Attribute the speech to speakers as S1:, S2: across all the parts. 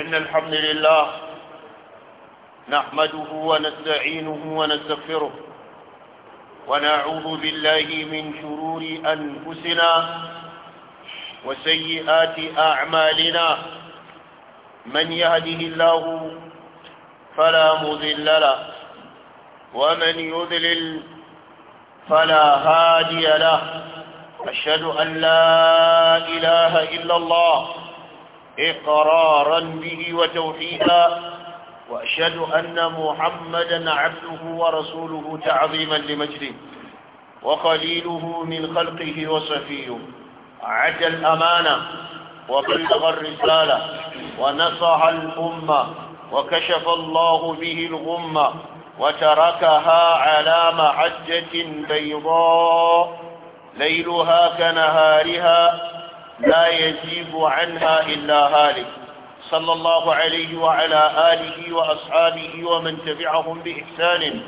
S1: إن الحمد لله نحمده ونستعينه ونستغفره ونعوذ بالله من شرور أنفسنا وسيئات أعمالنا من يهده الله فلا مضل له ومن يذلل فلا هادي له أشهد أن لا إله إلا الله إقرارا به وتوحيدا وأشهد أن محمدا عبده ورسوله تعظيما لمجده وقليله من خلقه وصفيه عد الأمانة وبلغ الرسالة ونصح الأمة وكشف الله به الغمة وتركها على محجة بيضاء ليلها كنهارها لا يجيب عنها إلا هالك صلى الله عليه وعلى آله وأصحابه ومن تبعهم بإحسان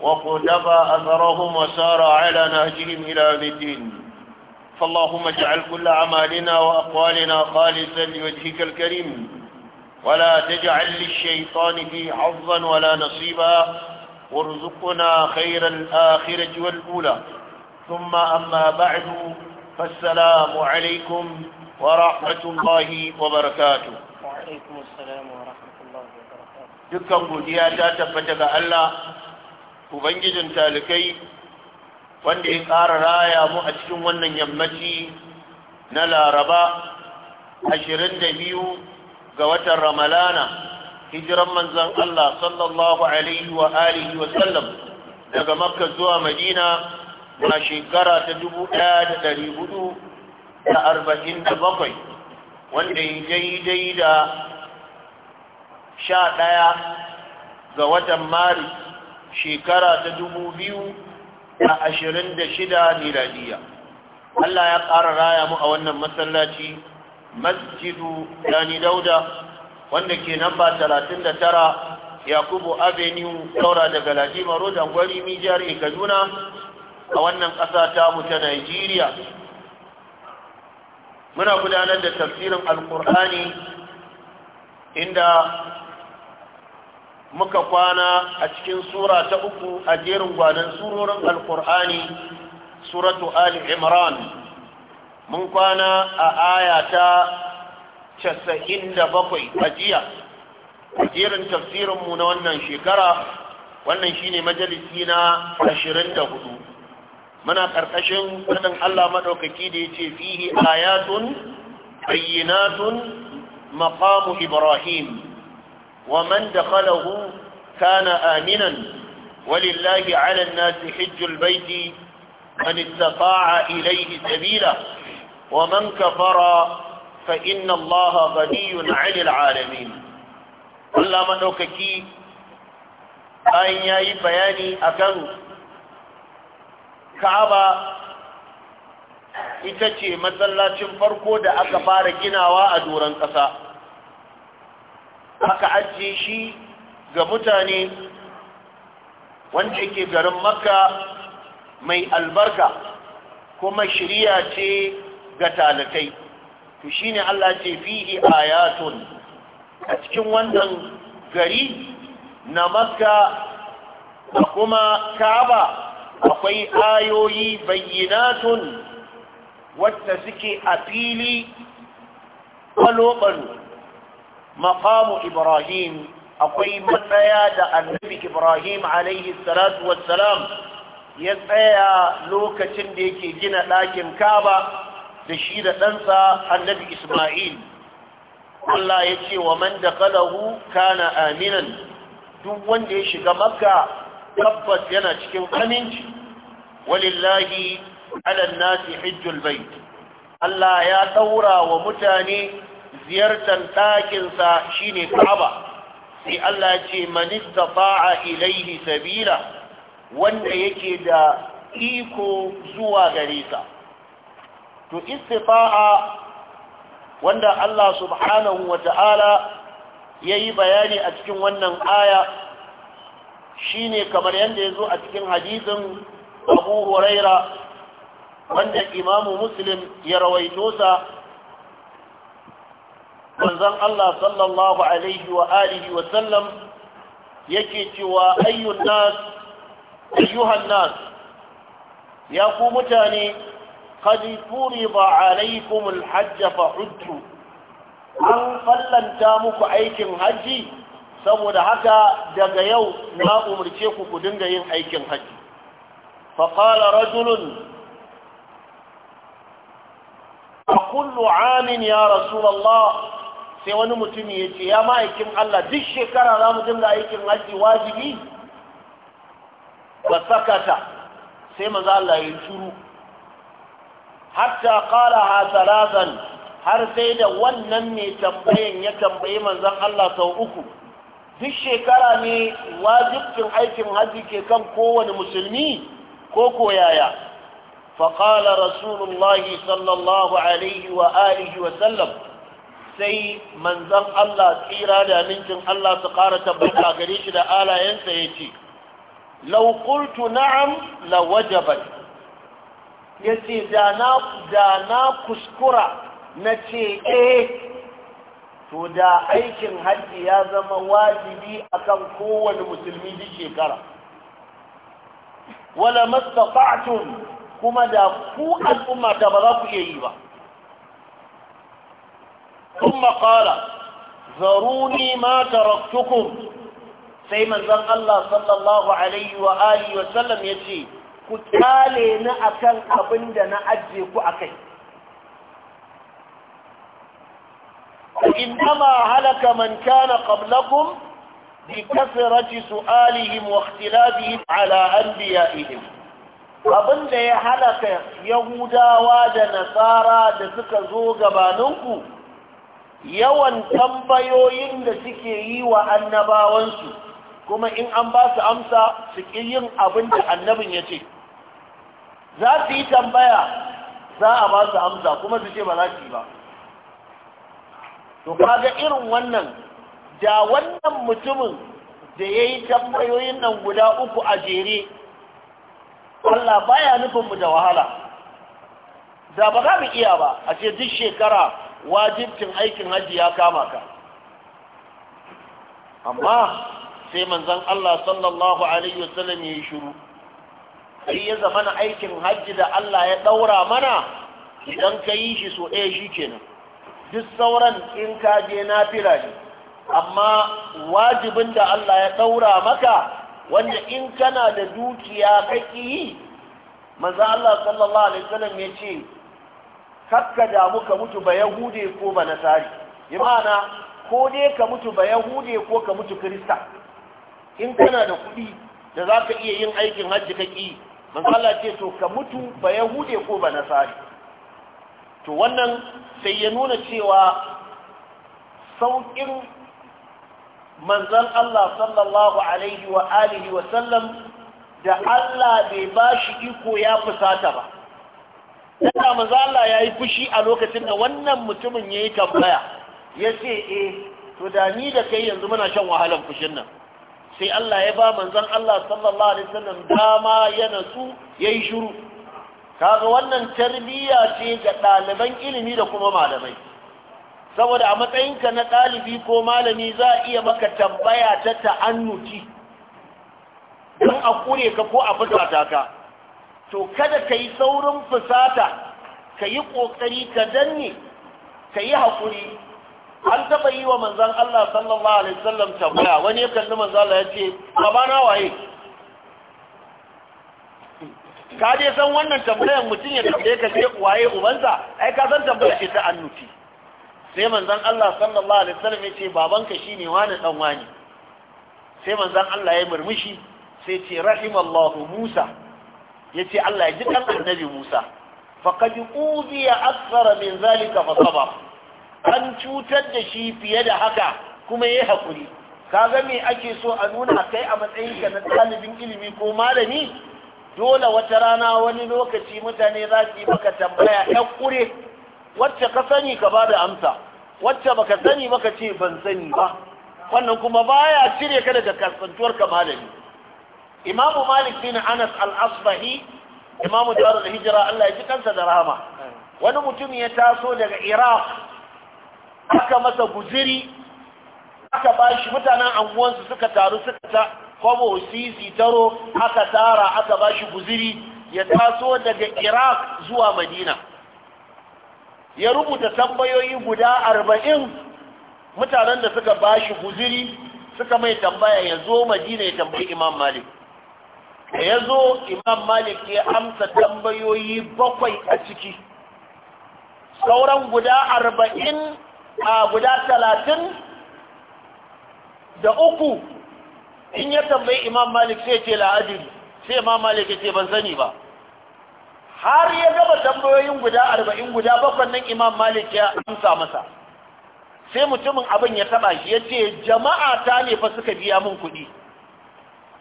S1: وقدب أثرهم وسار على نهجهم إلى الدين فاللهم اجعل كل أعمالنا وأقوالنا خالصا لوجهك الكريم ولا تجعل للشيطان في حظا ولا نصيبا وارزقنا خير الآخرة والأولى ثم أما بعد فالسلام عليكم ورحمة الله وبركاته
S2: وعليكم السلام ورحمة الله وبركاته دكا قديا تتفتك ألا
S1: وبنجد تالكي wanda ya ƙara raya mu a cikin wannan yammaci na laraba 22 ga watan ramalana hijiran manzan Allah sallallahu alaihi wa alihi wa sallam daga makka zuwa madina a shekara ta dubu ɗaya da ɗari hudu da arba'in da bakwai wanda ya daidai da sha ɗaya ga watan mari shekara ta dubu biyu da ashirin da shida miladiya Allah ya ƙara raya mu a wannan masallaci masjidu dani dauda wanda ke namba talatin da tara yakubu avenue daura daga ladima road gwari mijiyar kaduna a wannan ƙasa ta mu ta Najeriya muna gudanar da tafsirin alkur'ani inda muka kwana a cikin sura ta uku a jerin gwanon surorin alkur'ani suratu ali imran mun kwana a aya ta bakwai a jiya a jerin tafsirinmu na wannan shekara wannan shine majalisi na hudu. muna ƙarƙashin ƙunin Allah maɗaukaki da ya ce fihi ayatun ayyinatun maƙamu Ibrahim wa man da kalahu kana aminan walillahi alan nasi hijjul baiti an istafa'a ilaihi sabila wa man kafara fa inna Allah ghaniyun 'anil 'alamin Allah madaukaki bayan yayi bayani akan ka'aba ita ce masallacin farko da aka fara ginawa a doron ƙasa aka ajiye shi ga mutane wanda ke garin makka mai albarka kuma shirya ce ga talakai to ne Allah ce fihi ayatun a cikin wannan gari na makka da kuma Ka'aba. akwai ayoyi bayyanatun wadda suke a fili kwalo makamu ibrahim akwai matsaya da annabi ibrahim alaihi salatu wassalam ya tsaya lokacin da yake gina ɗakin kaba da shi da ɗansa annabi isma'il Allah ya ce wa man da kana aminan duk wanda ya shiga makka tabbas yana cikin aminci walillahi ala nasi hijjul bait Allah ya daura wa mutane ziyartar ɗakinsa sa shine Ka'aba sai Allah ya ce man istata'a ilayhi sabila wanda yake da iko zuwa gare sa to istita'a wanda Allah subhanahu wata'ala yayi bayani a cikin wannan aya shine kamar yadda ya zo a cikin hadisin abu huraira wanda imamu muslim ya rawaito sa manzon Allah sallallahu alaihi wa alihi wa sallam yake cewa ayyun nas ayyuhan nas ya ku mutane qad furida alaikum alhajj fa hujju an fallanta muku aikin hajji saboda haka daga yau na umarce ku ku dinga yin aikin haji faƙala rajulun a kullu amin ya rasulallah sai wani mutum ya ce ya ma'aikin Allah duk shekara za mu dinga aikin haji wajibi ba sakata sai maza Allah ya shuru hatta ƙara ha har sai da wannan mai tambayin ya tambayi manzan Allah sau uku duk shekara ne wajibcin aikin hajji ke kan kowane musulmi ko koyaya فقال رسول الله صلى الله عليه وآله sai manzan Allah tsira da amincin Allah su ƙara tabbata gare shi da alayensa ya ce lau na'am la wajaban. yace ce da na kuskura na ce eh to da aikin hajji ya zama wajibi akan kowane musulmi duk shekara wala mastata'tum kuma da ku al'umma da ba za ku iya yi ba kuma qala zaruni ma taraktukum sai manzon Allah sallallahu alaihi wa alihi wa sallam yace ku kyale ni akan abin da na ajiye ku akai فإنما هلك من كان قبلكم بكثرة سؤالهم واختلافهم على أنبيائهم abin da ya halaka yahudawa da nasara da suka zo gabaninku yawan tambayoyin da suke yi wa annabawansu kuma in an basu su amsa su ƙi yin abin da annabin ya ce za su yi tambaya za a ba amsa kuma su ce ba za su yi ba to kaga irin wannan da wannan mutumin da ya yi tambayoyin nan guda uku a jere Allah baya nufin mu da wahala da ba za mu iya ba a ce duk shekara wajibcin aikin hajji ya kama ka amma sai manzon Allah sallallahu alaihi wasallam ya yi shiru sai ya zama na aikin hajji da Allah ya ɗaura mana idan ka yi shi so ɗaya shi kenan duk sauran in ka je fira ne amma wajibin da Allah ya daura maka wanda in kana da dukiya kake yi manzo Allah sallallahu alaihi wasallam ya ce kakka da muka mutu ba yahude ko ba nasari imana ko dai ka mutu ba yahude ko ka mutu krista in kana da kuɗi da za ka iya yin aikin hajji kake yi manzo Allah ce to ka mutu ba yahude ko ba nasari to wannan sai ya nuna cewa sauƙin manzan Allah sallallahu alaihi wa alihi wa sallam da Allah bai ba shi iko ya fusata ba da manzan Allah ya yi fushi a lokacin da wannan mutumin ya yi tambaya ya ce e to da ni da kai yanzu muna shan wahalan fushin nan sai Allah ya ba manzan Allah sallallahu alaihi wa sallam dama ya nasu ya yi shuru kaga wannan tarbiyya ce ga ɗaliban ilimi da kuma malamai saboda a matsayinka na ɗalibi ko malami za a iya maka tambaya ta ta'annuci don a kure ka ko a fusata ka to kada ka yi saurin fusata ka yi ƙoƙari ka danne ka yi haƙuri an taɓa yi wa manzan Allah sallallahu alaihi wasallam tambaya wani ya kalli manzan Allah ya ce baba na waye ka je san wannan tambayar mutum ya tambaye ka ce waye ubansa ai ka san tambayar ce ta annuti sai manzon Allah sallallahu alaihi wasallam ya ce babanka shine wani dan wani sai manzon Allah ya murmushi sai ce rahimallahu Musa yace Allah ya ji dan annabi Musa faqad uziya akthara min zalika fa sabar an cutar da shi fiye da haka kuma yayi hakuri kaga me ake so a nuna kai a matsayin ka na talibin ilimi ko malami dole wata rana wani lokaci mutane za su yi maka tambaya ɗan ƙure wacce ka sani ka ba da amsa wacce baka sani baka ce ban sani ba wannan kuma baya cire ka daga kasantuwar ka malami imamu malik bin anas al-asbahi imamu darul hijira Allah ya ji kansa da rahama wani mutum ya taso daga iraq aka masa guziri aka bashi mutanen anguwansu suka taru suka ta kwabo sisi taro haka tara aka ba shi guziri ya taso daga iraq zuwa madina ya rubuta tambayoyi guda arba'in mutanen da suka bashi guziri suka mai tambaya ya zo madina ya tambayi imam malik ya zo imam malik ya amsa tambayoyi bakwai a ciki sauran guda arba'in a guda talatin da uku in ya tambayi imam malik sai ce la'adiri sai imam malik ya ce ban sani ba har ya gaba tambayoyin guda arba'in guda bakwan nan imam malik ya amsa masa sai mutumin abin ya taba shi ya ce jama'a ta ne fa suka biya min kuɗi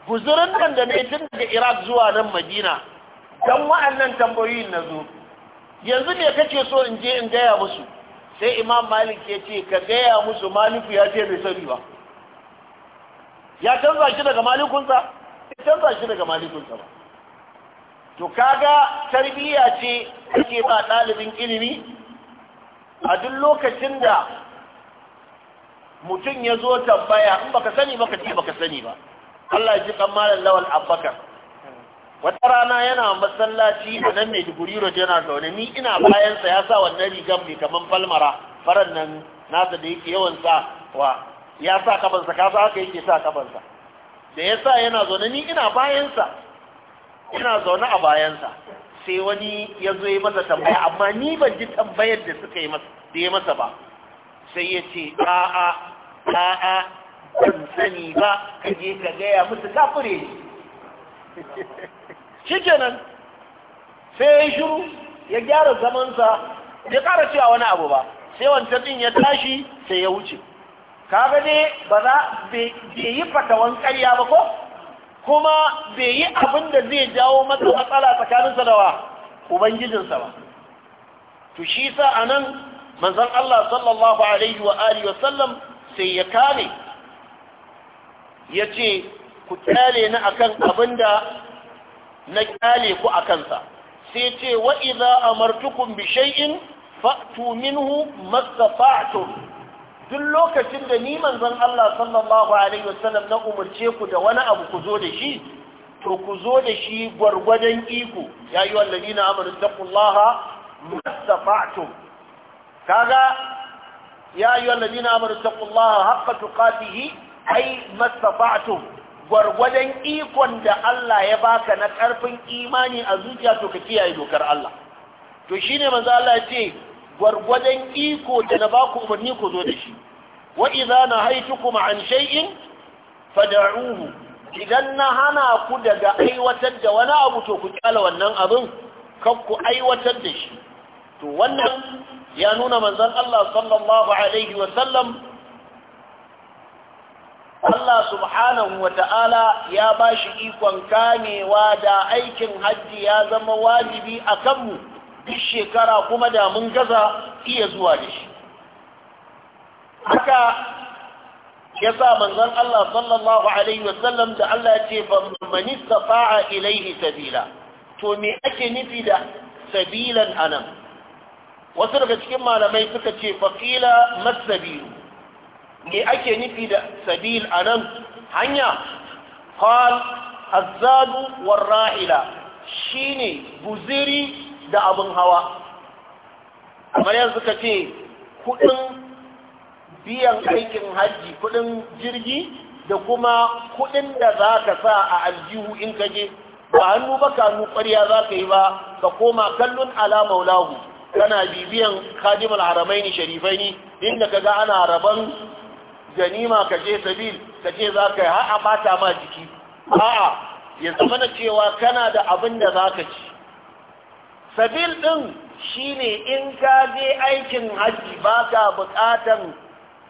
S1: guzurin nan da na tun daga iraq zuwa nan madina don wa'annan tambayoyin na zo yanzu ne kake so in je in gaya musu sai imam malik ya ce ka gaya musu maliku ya ce bai sani ba ya canza shi daga malikunsa ya canza shi daga malikunsa ba to kaga tarbiyya ce ake ba ɗalibin ilimi a duk lokacin da mutum ya zo tambaya in baka sani baka ce baka sani ba Allah ya ji malam lawal abbakar wata rana yana masallaci da nan mai diguri rojo yana zaune ni ina bayansa ya sa wannan rigan mai kaman falmara faran nan nasa da yake yawan sa wa ya sa kafansa kasa haka yake sa kafansa da ya sa yana zaune ni ina bayansa ina zaune a bayansa sai wani ya zo yi masa tambaya amma ni ban ji tambayar da suka yi masa da ya masa ba sai ya ce a'a a'a ban sani ba ka je ka gaya musu kafire shikenan sai ya shiru ya gyara zamansa ya ƙara cewa wani abu ba sai wancan ɗin ya tashi sai ya wuce kaga dai ba za bai yi fatawan ƙarya ba ko kuma bai yi abin da zai jawo masa matsala tsakaninsa da wa ubangijinsa ba to shi sa a nan manzon Allah sallallahu alaihi sai ya kame ya ce ku kyale ni akan abin da na kyale ku a kansa sai ce wa'iza a amartukum bi shay'in fa'tu minhu duk lokacin da ni manzon Allah sallallahu alaihi wasallam na umurce ku da wani abu ku zo da shi to ku zo da shi gwargwadon iko ya yi wallazina amanu taqullaha mastata'tum kaga ya yi wallazina amanu taqullaha haqqa tuqatihi ai mastata'tum gwargwadon ikon da Allah ya baka na karfin imani a zuciya to ka kiyaye dokar Allah to shine manzo Allah ya ce gwargwadon iko da na baku umarni ku zo da shi wa idza nahaytukum an shay'in fad'uhu idan na hana ku daga aiwatar da wani abu to ku kyala wannan abin kan ku aiwatar da shi to wannan ya nuna manzon Allah sallallahu alaihi wa sallam Allah subhanahu wa ta'ala ya bashi ikon kamewa da aikin hajji ya zama wajibi a kanmu duk shekara kuma da mun gaza iya zuwa da shi haka ya sa manzon Allah sallallahu alaihi wasallam da Allah ya ce man istata'a ilaihi sabila to me ake nufi da sabilan anan wasu daga cikin malamai suka ce faqila masabilu me ake nufi da sabil anan hanya qal azzadu warra'ila ne buziri da abin hawa kamar yanzu ka ce kudin biyan aikin hajji kudin jirgi da kuma kudin da za ka sa a aljihu in ka je ba hannu ba ka hannu ƙwarya za ka yi ba ka koma kallon alama lahu kana bibiyan kadimul haramaini sharifaini inda ka ga ana rabon ganima ka je sabil ka ce za ka yi ha'a ba ta ma jiki a'a ya mana cewa kana da abin da za ka ci sabil ɗin shine in ka je aikin hajji ba ka buƙatan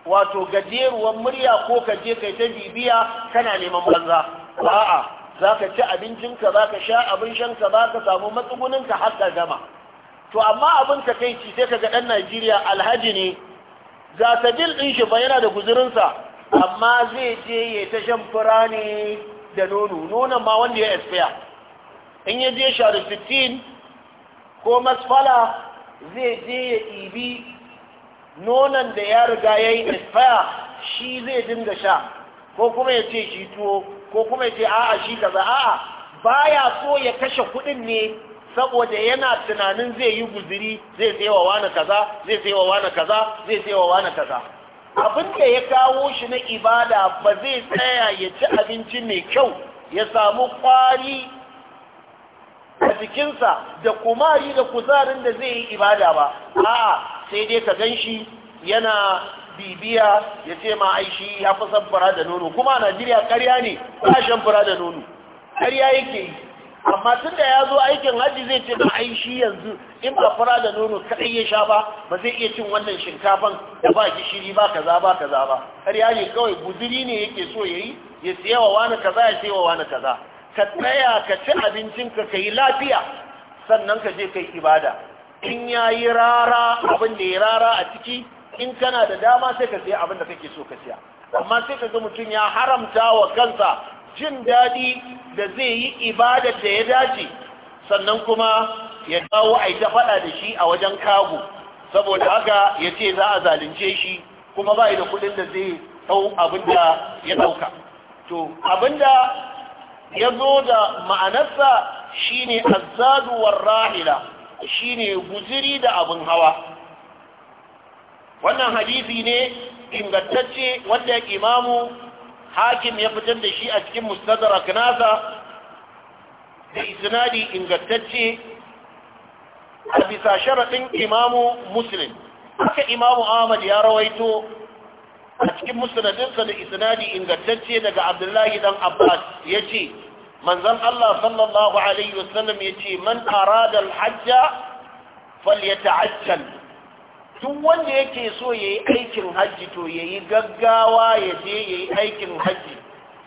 S1: wato gajeruwan murya ko ka je kai ta bibiya kana neman banza a'a za ka ci abincinka za ka sha abin shanka za ka samu matsuguninka har ka gama to amma abin ka kai ci sai ka ga ɗan najeriya alhaji ne ga sabil ɗin shi ba yana da guzurinsa amma zai je ya ta shan fura ne da nono nono ma wanda ya expire in ya je share 15 ko masfala zai je ya ɗibi nonon da ya riga ya yi expire shi zai dinga sha ko kuma ya ce shi tuwo ko kuma ya ce a'a shi kaza a'a baya so ya kashe kuɗin ne saboda yana tunanin zai yi guziri zai tsewa wani kaza zai tsewa wani kaza zai tsewa wani kaza abin da ya kawo shi na ibada ba zai tsaya ya ci abinci mai kyau ya samu kwari a jikinsa da kumari da kuzarin da zai yi ibada ba a'a sai dai ka gan shi yana bibiya ya ce ma aishi ya fi san fura da nono kuma a najeriya karya ne ba shan fura da nono karya yake yi amma tun da ya zo aikin hajji zai ce ma aishi yanzu in ba fura da nono kaɗai ya sha ba ba zai iya cin wannan shinkafan da ba gishiri ba kaza ba kaza ba karya ne kawai guduri ne yake so ya yi ya siya wa wani kaza ya siya wa wani kaza ka tsaya ka ci abincinka ka yi lafiya sannan ka je ka ibada in ya yi rara abin da ya rara a ciki in kana da dama sai ka sai abin da kake so ka siya amma sai ka ga mutum ya haramta wa kansa jin daɗi da zai yi ibada da ya dace sannan kuma ya dawo a ta faɗa da shi a wajen kago saboda haka ya ce za a zalunce shi kuma ba da kuɗin da zai ɗau abin da ya ɗauka to abin da ya zo da ma'anarsa shine azzadu war rahila shine guziri da abin hawa wannan hadisi ne ingantacce wanda imamu hakim ya fitar da shi a cikin mustadrak nasa da isnadi ingantacce a bisa sharaɗin imamu muslim haka imamu ahmad ya rawaito a cikin musnadinsa da isnadi ingantacce daga abdullahi dan abbas ya ce manzon Allah sallallahu alaihi wasallam yace man arada al-hajja falyata'ajjal duk wanda yake so yayi aikin hajji to yayi gaggawa ya je yayi aikin hajji.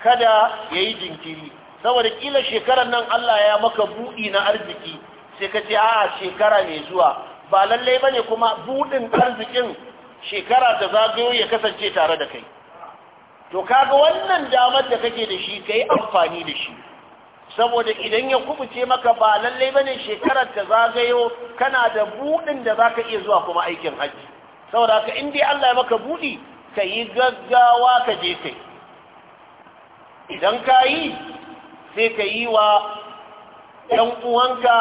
S1: kada yayi jinkiri saboda kila shekarar nan Allah ya maka buɗi na arziki sai ka ce a'a shekara mai zuwa ba lalle ne kuma buɗin arzikin shekara ta zagayo ya kasance tare da kai to kaga wannan damar da kake da shi yi amfani da shi saboda idan ya kubuce maka ba lallai bane shekarar ta zagayo kana da budin da zaka iya zuwa kuma aikin haji saboda ka in Allah ya maka budi ka gaggawa ka je kai idan ka sai ka yi wa ɗan uwanka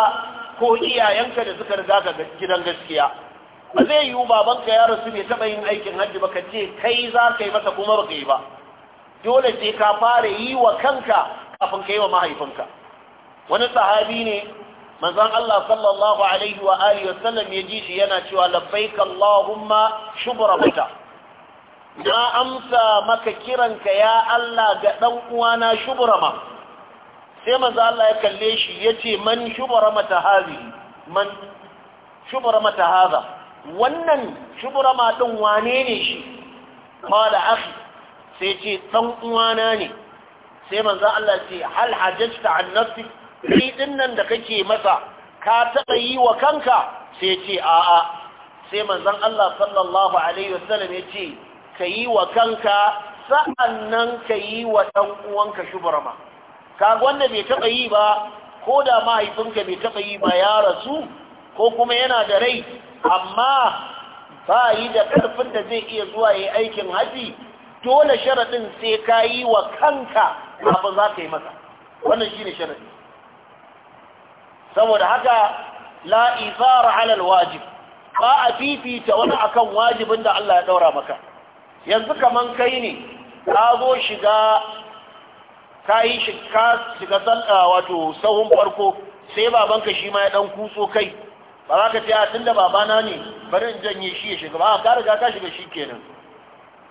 S1: ko iyayenka da suka riga ka gidan gaskiya ba zai yiwu babanka ya rasu bai taɓa yin aikin hajji ba ka ce kai za ka yi masa kuma ba ka yi ba dole sai ka fara yi wa kanka kafin kai wa mahaifinka wani sahabi ne manzon Allah sallallahu alaihi wa alihi Sallam ya ji shi yana cewa labbaik Allahumma shubrabata na amsa maka kiranka ya Allah ga ɗan uwana shubrama sai manzo Allah ya kalle shi ya ce man shubramata hazi man shubramata hadha wannan shubrama din wane ne shi da akhi sai ce ɗan uwana ne sai manzo Allah ce hal hajjata an nafsi ni dinnan da kake masa ka taba yi wa kanka sai ce a a sai manzon Allah sallallahu alaihi wasallam ya ce kayi wa kanka sa'annan kayi wa dan uwanka shubrama ka wanda bai taba yi ba ko da mahaifinka bai taba yi ba ya rasu ko kuma yana da rai amma ba yi da karfin da zai iya zuwa yi aikin haji dole sharaɗin sai ka yi wa kanka Abin za ka yi masa wannan shi ne sharadi saboda haka la halal wajib ba a fifita wani akan wajibin da Allah ya ɗaura maka yanzu kamar kai ne ka zo shiga ka yi shiga wato sahun farko sai babanka shi ma ya ɗan kuso kai ba za ka ce a da babana ne bari in janye shi ya shiga ba a ka riga ka shiga shi kenan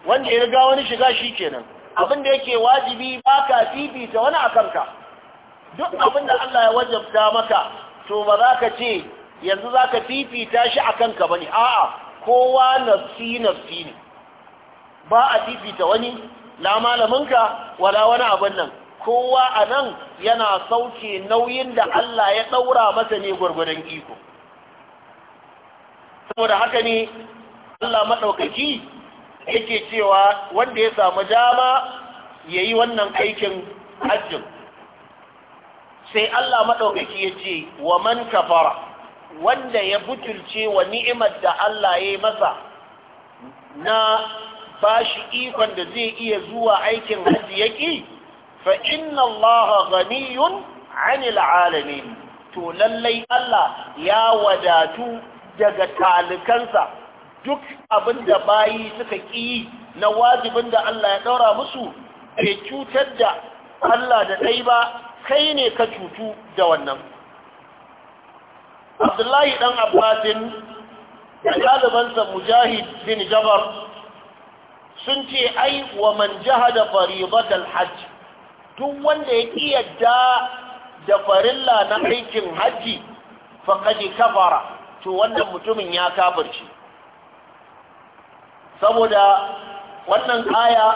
S1: wanda ya riga wani shiga shi kenan abin da yake wajibi ba ka fifita wani a kanka duk abin da Allah ya wajabta maka to ba za ka ce yanzu za ka fifita shi a kanka ba ne a'a kowa nafsi nafsi ne ba a fifita wani Na malaminka wala wani abin nan kowa a nan yana sauke nauyin da Allah ya ɗaura masa ne gwargwadon iko saboda haka ne Allah maɗaukaki yake cewa wanda ya samu dama ya yi wannan aikin hajjin sai Allah maɗaukaki ya ce wa man kafara wanda ya butulce wa ni'imar da Allah ya yi masa na ba shi ikon da zai iya zuwa aikin hajji ya ƙi fa inna Allah ghaniyun anil alamin to lallai Allah ya wadatu daga talikansa duk abin da bayi suka ƙi na wajibin da Allah ya ɗaura musu bai cutar da Allah da ɗai ba kai ne ka cutu da wannan abdullahi ɗan abbasin da ɗalibansa mujahid bin jabar sun ce ai wa man jahada da hajj duk wanda ya ƙi yadda da farilla na aikin hajji faqad kafara to wannan mutumin ya kafirci saboda wannan aya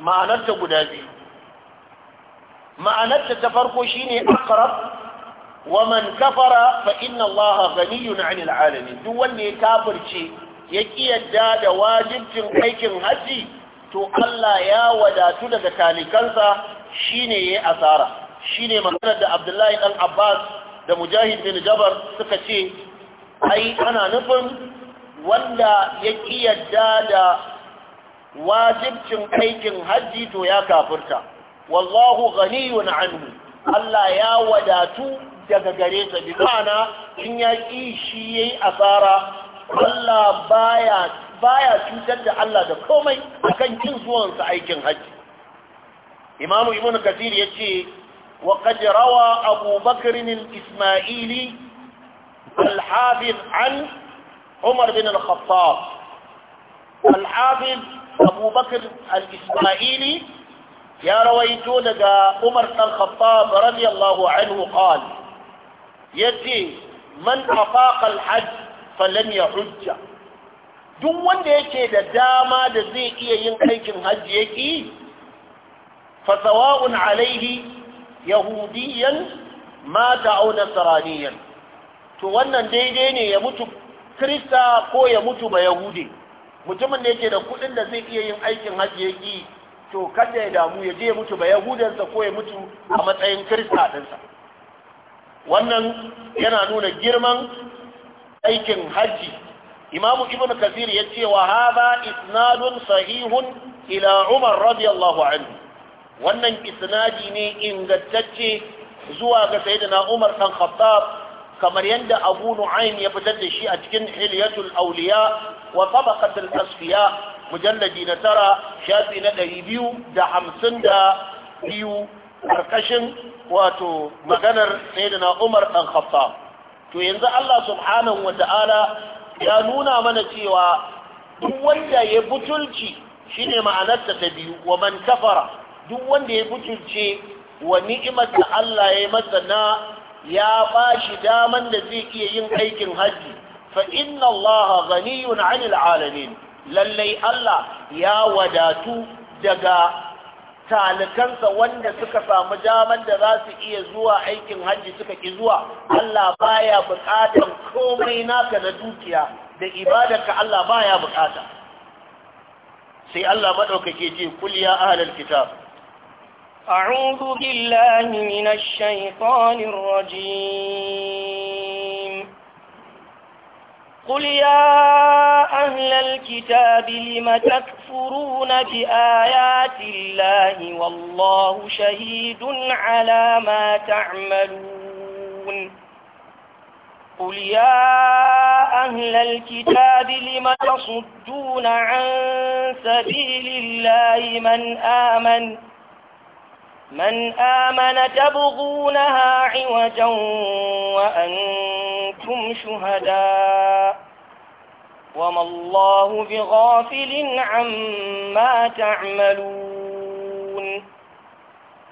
S1: ma'anarta guda biyu ma'anarta ta farko shine aqrab wa man kafara fa inna allaha ghaniyun 'anil 'alamin duk wanda ya kafirce ya kiyarda da wajibcin aikin haji to Allah ya wadatu daga talikansa shine yayi asara shine maganar da Abdullahi dan Abbas da Mujahid bin Jabar suka ce ai ana nufin wanda ya kiyarda da wajibcin aikin hajji to ya kafirta wallahu ghaniyun anhu Allah ya wadatu daga gare ta bi ma'ana in ya shi yayi asara Allah baya baya cutar da Allah da komai akan kin sa aikin hajji Imam Ibn Kathir yace وقد روى أبو بكر الإسماعيلي الحافظ an. umar bin al-khattab al-abid ismaili ya rawaito daga umar dan khattab radiyallahu anhu qal yace man afaqa al-hajj falan duk wanda yake da dama da zai iya yin aikin hajji yake fa sawa'un alaihi yahudiyan mata au nasraniyan to wannan daidai ne ya mutu krista ko ya mutu ba yahudi mutumin da yake da kuɗin da zai iya yin aikin hajji ya ƙi to kada ya damu ya je ya mutu ba yahudansa ko ya mutu a matsayin krista dinsa wannan yana nuna girman aikin hajji imamu ibn kasir ya ce wa haza isnadun sahihun ila umar radiyallahu anhu wannan isnadi ne ingantacce zuwa ga sayyidina umar dan khattab kamar yadda abu nu'aym ya fitar da shi a cikin iliyatul auliya wa tabaqatul asfiya mujalladi na tara shafi na ɗari biyu da hamsin da biyu ƙarƙashin wato maganar sayyidina umar ɗan khattab to yanzu allah subhanahu wa ta'ala ya nuna mana cewa duk wanda ya butulci shine ma'anarta ta biyu wa man kafara duk wanda ya butulce wa ni'imar da allah ya yi masa na ya ba shi daman da zai iya yin aikin hajji fa inna allaha ghaniyun 'anil 'alamin lallai Allah ya wadatu daga talikansa wanda suka samu daman da za su iya zuwa aikin hajji suka ki zuwa Allah baya bukatan komai naka na dukiya
S3: da ibadarka Allah baya bukata
S1: sai Allah madaukake ce kul ya ahlal kitab
S3: أعوذ بالله من الشيطان الرجيم قل يا أهل الكتاب لم تكفرون بآيات الله والله شهيد على ما تعملون قل يا أهل الكتاب لم تصدون عن سبيل الله من آمن من آمن تبغونها عوجا وأنتم شهداء وما الله بغافل عما تعملون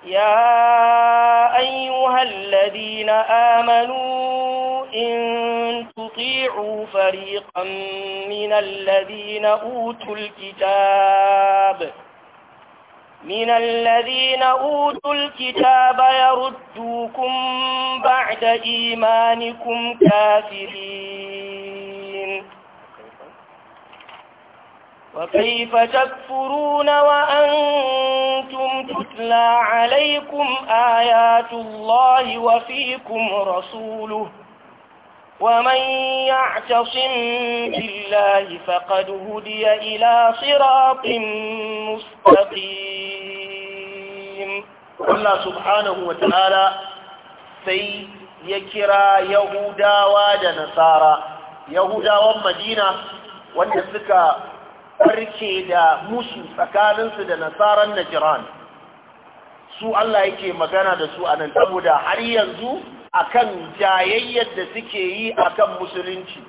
S3: يا أيها الذين آمنوا إن تطيعوا فريقا من الذين أوتوا الكتاب من الذين أوتوا الكتاب يردوكم بعد إيمانكم كافرين وكيف تكفرون وأنتم تتلى عليكم آيات الله وفيكم رسوله ومن يعتصم بالله فقد هدي إلى صراط مستقيم Allah subhanahu wa ta'ala
S1: sai ya kira yahudawa da nasara yahudawan madina wanda suka farke da musu tsakaninsu da nasaran najiran su Allah yake magana da su anan saboda har yanzu akan jayayyar da suke yi akan musulunci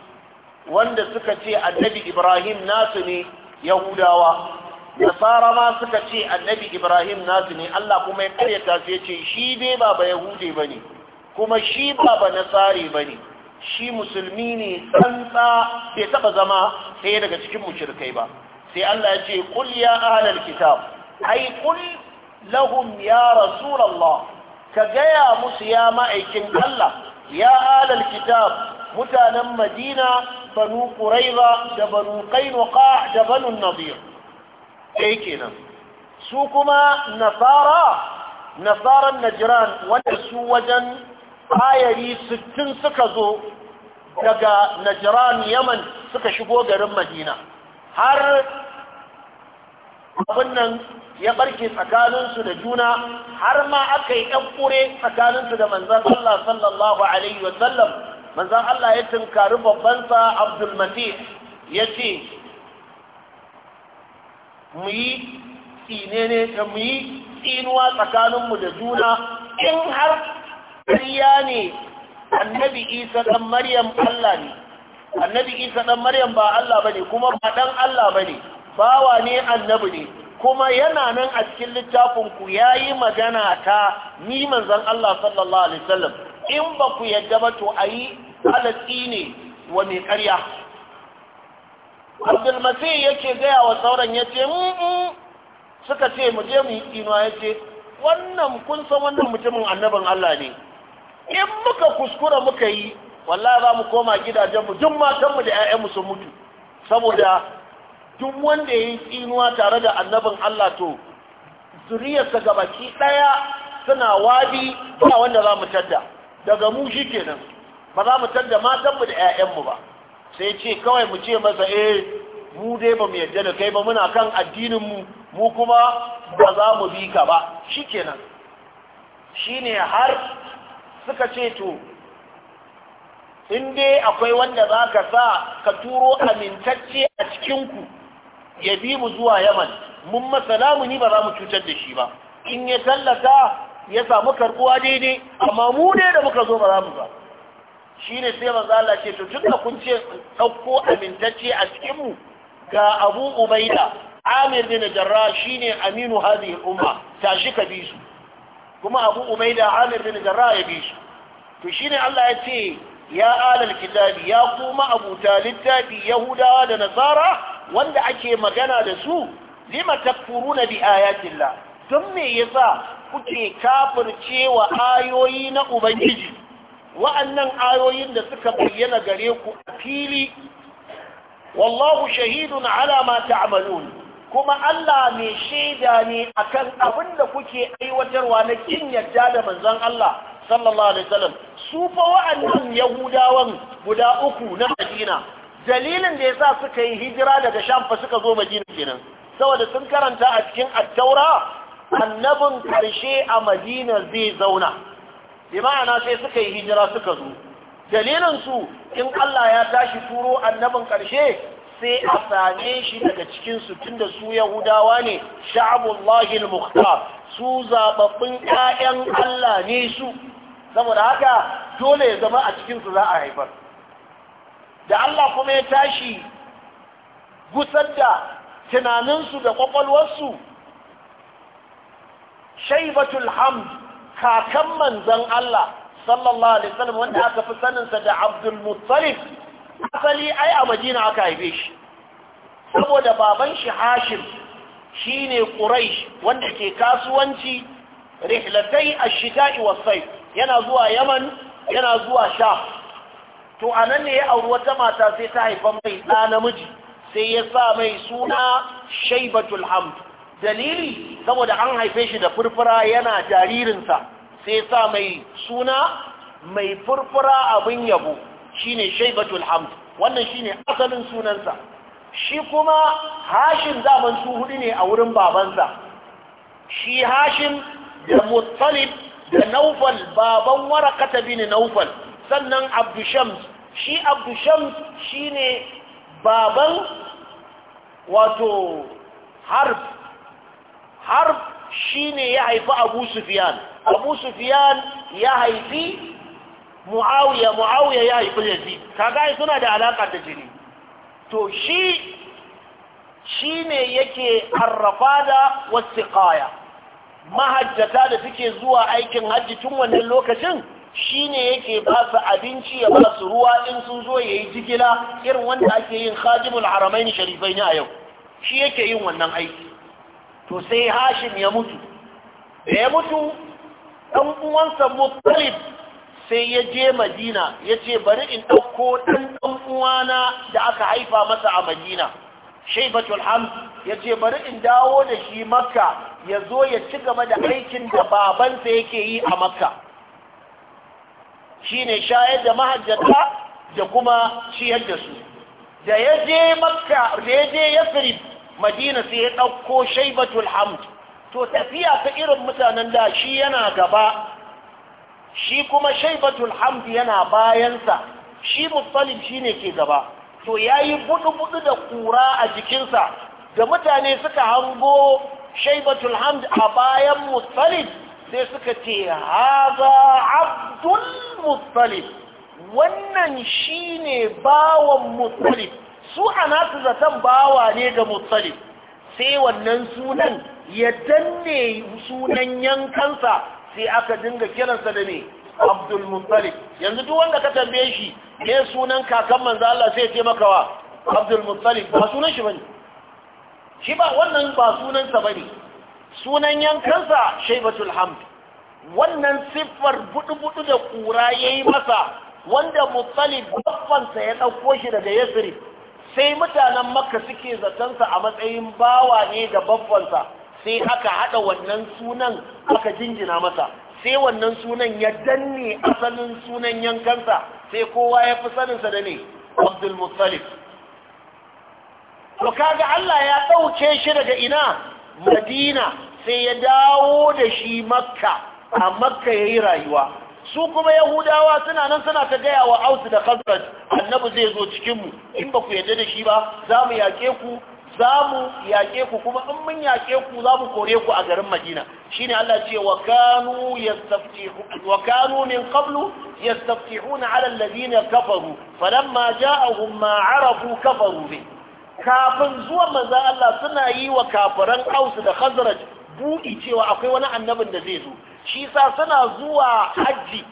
S1: wanda suka ce annabi ibrahim nasu ne yahudawa nasara ma suka ce annabi ibrahim nasu ne allah kuma ya karyata su ya ce shi dai ba ba yahude ba ne kuma shi ba ba nasari ba ne shi musulmi ne tsantsa bai taba zama sai daga cikin mushrikai ba sai allah ya ce kul ya ahlal kitab ai kul lahum ya rasulullah ka gaya musu ya ma'aikin allah ya ahlal kitab mutanen madina banu quraiba da banu qainuqa da banu nadir ɗaya kenan su kuma nasara nasaran najiran wanda su wajen ayari sittin suka zo daga najiran yaman suka shigo garin madina har abin nan ya barke tsakaninsu da juna har ma aka yi ɗan ƙure tsakaninsu da manzan Allah sallallahu Alaihi wasallam manzan Allah ya tunkari babbansa abdulmati ya ce mu yi tsinene ta mu tsinuwa tsakaninmu da juna in har ƙariya ne annabi isa ɗan maryam allah ne annabi isa ɗan maryam ba allah ba ne kuma ba ɗan allah ba ne bawa ne annabi ne kuma yana nan a cikin littafinku ya yi magana ta ni zan allah sallallahu alaihi wasallam in ba ku yadda ba to a yi alatsi ne wa mai ƙarya abdulmasih yake gaya wa sauran ya ce mm, mm. suka ce mu je mu yi inuwa ya ce wannan kun san wannan mutumin annabin Allah ne in muka kuskura muka yi wallahi za mu koma gidajenmu duk matanmu da 'ya'yanmu sun mutu saboda duk wanda ya yi tsinuwa tare da annabin Allah to zuriyarsa gabaki ɗaya suna wadi ba wanda za mu tadda daga mu shi kenan ba za mu tadda matanmu da 'ya'yanmu ba sai ce kawai mu ce masa eh mu dai ba mu yadda da kai ba muna kan addinin mu mu kuma ba za mu bi ka ba shi shikenan shine har suka ce to in dai akwai wanda za ka sa ka turo amintacce a cikinku ya bi mu zuwa yaman mun masa lamuni ba za mu cutar da shi ba in ya tallata ya samu karbuwa daidai amma mu dai da muka zo ba za mu ba shine ne sai manzo Allah ce to tunda kun ce ɗauko amintacce a cikinmu ga Abu Ubaida Amir bin Jarrah shine aminu hadhihi umma tashi ka bi su kuma Abu Ubaida Amir bin Jarrah ya bi su to shine Allah ya ce ya alal kitabi ya kuma abuta littafi yahudawa da nasara wanda ake magana da su lima takfuruna bi ayatillah don me yasa kuke wa ayoyi na ubangiji wa'annan ayoyin da suka bayyana gare ku a fili wallahu shahidun alama ta ta'malun kuma Allah mai shaida ne akan abin da kuke aiwatarwa na kin yadda da manzon Allah sallallahu alaihi wasallam su fa wa'annan yahudawan guda uku na Madina dalilin da yasa suka yi hijira daga Sham suka zo Madina kenan saboda sun karanta a cikin at annabin karshe a Madina zai zauna bi sai suka yi hijira suka zo dalilin su in Allah ya tashi turo annabin karshe sai a same shi daga cikin su tunda su Yahudawa ne sha'abullahi mukhtar su zababbin ƴaƴan Allah ne su saboda haka dole ya zama a cikin su za a haifar da Allah kuma ya tashi gusar da tunaninsu da kwakwalwarsu shaibatul hamd kakan manzan Allah sallallahu alaihi wasallam wanda aka fi saninsa da Abdul Muttalib asali ai a Madina aka haife shi saboda baban shi Hashim shine Quraysh wanda ke kasuwanci rihlatai ash-shita'i was-sayf yana zuwa Yaman yana zuwa Sham to anan ne ya auri wata mata sai ta haifa mai ɗa namiji sai ya sa mai suna Shaybatul Hamd dalili saboda an haife shi da furfura yana jaririnsa sai sa mai suna mai furfura abin yabo shine shaibatul hamd wannan shine asalin sunansa shi kuma hashin zaman su hudu ne a wurin babansa shi hashin da muttalib da naufal baban warakata bin naufal sannan abdushams shi abdushams shine baban wato harf harb shine ya haifi abu sufiyan abu sufiyan ya haifi muawiya muawiya ya haifi yazi kaga suna da alaka da jini to shi shine yake harrafa da wasiqaya mahajjata da suke zuwa aikin hajji tun wannan lokacin shine yake ba su abinci ya ba su ruwa in sun zo yayi jigila irin wanda ake yin khadimul haramain sharifain a yau shi yake yin wannan aiki to sai hashim ya mutu da ya mutu ɗan uwansa muttalib sai ya je madina ya ce bari in ɗauko ɗan ɗan uwana da aka haifa masa a madina shaibatul hamd ya ce bari in dawo da shi makka ya zo ya ci gaba da aikin da babansa yake yi a makka shi ne shayar da mahajjata da kuma ciyar da su da ya je makka da ya je yasrib madina sai ya ɗauko shaibatul hamd to tafiya ta irin mutanen da shi yana gaba shi kuma shaibatul hamd yana bayansa shi mutsalib shi ne ke gaba to ya yi buɗu-buɗu da ƙura a jikinsa da mutane suka hango shaibatul hamd a bayan mutsalib sai suka ce haza abdul mutsalib wannan shi ne bawan mutsalib su a nasu zaton bawa ne ga mutsali sai wannan sunan ya danne sunan yankansa sai aka dinga kiransa da ne abdul mutsali yanzu duk wanda ka tambaye shi ne sunan kakan manzo Allah sai ya ce maka wa abdul mutsali ba sunan shi bane shi ba wannan ba sunansa bane sunan yankansa shaybatul hamd wannan siffar budu-budu da kura yayi masa wanda babban sa ya ɗauko shi daga yasrib sai mutanen makka suke zatonsa a matsayin bawa ne ga babbansa sai aka haɗa wannan sunan aka jingina masa sai wannan sunan ya danne asalin sunan yankansa sai kowa ya fi saninsa da ne abdul muttalib to kaga Allah ya ɗauke shi daga ina madina sai ya dawo da shi makka a makka ya yi rayuwa su kuma yahudawa suna nan suna ta gaya wa ausu da khazraj annabi zai zo cikinmu in ba ku yarda da shi ba za mu yaƙe ku za mu yaƙe ku kuma in mun yaƙe ku za mu kore ku a garin madina shine Allah ce wa kanu yastaftihu wa kanu min qablu yastaftihuna ala alladhina kafaru falamma ja'ahum ma arafu kafaru bi kafin zuwa manzon Allah suna yi wa kafiran Aus da Khazraj buɗi cewa akwai wani annabin da zai zo shi sa suna zuwa hajji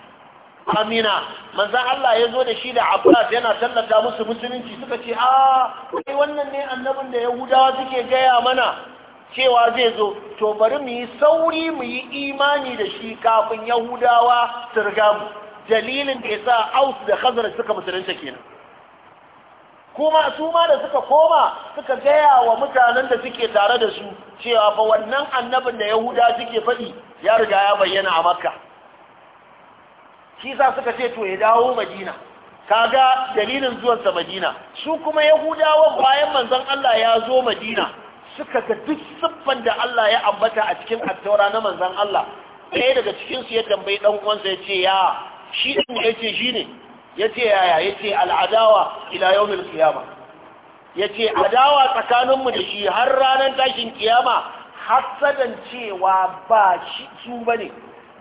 S1: amina manzan Allah ya zo da shi da abbas yana tallata musu musulunci suka ce a ah, kai wannan ne annabin da yahudawa suke gaya mana cewa zai zo to bari mu yi sauri mu yi imani da shi kafin yahudawa su riga mu dalilin da ya sa aus da khazar suka musulunta kenan kuma su ma da suka koma suka gaya wa mutanen da suke tare da su cewa fa wannan annabin da yahuda suke faɗi ya riga ya bayyana a makka shi suka ce to ya dawo madina kaga dalilin zuwansa madina su kuma yahudawan bayan manzon Allah ya zo madina suka ga duk siffan da Allah ya ambata a cikin attaura na manzon Allah ɗaya daga cikinsu ya tambayi ɗan uwansa ya ce ya shi ɗin ya ce shi ne ya ce yaya ya ce al'adawa ila yawmin kiyama ya ce adawa tsakaninmu da shi har ranar tashin kiyama hasadan cewa ba shi su ba ne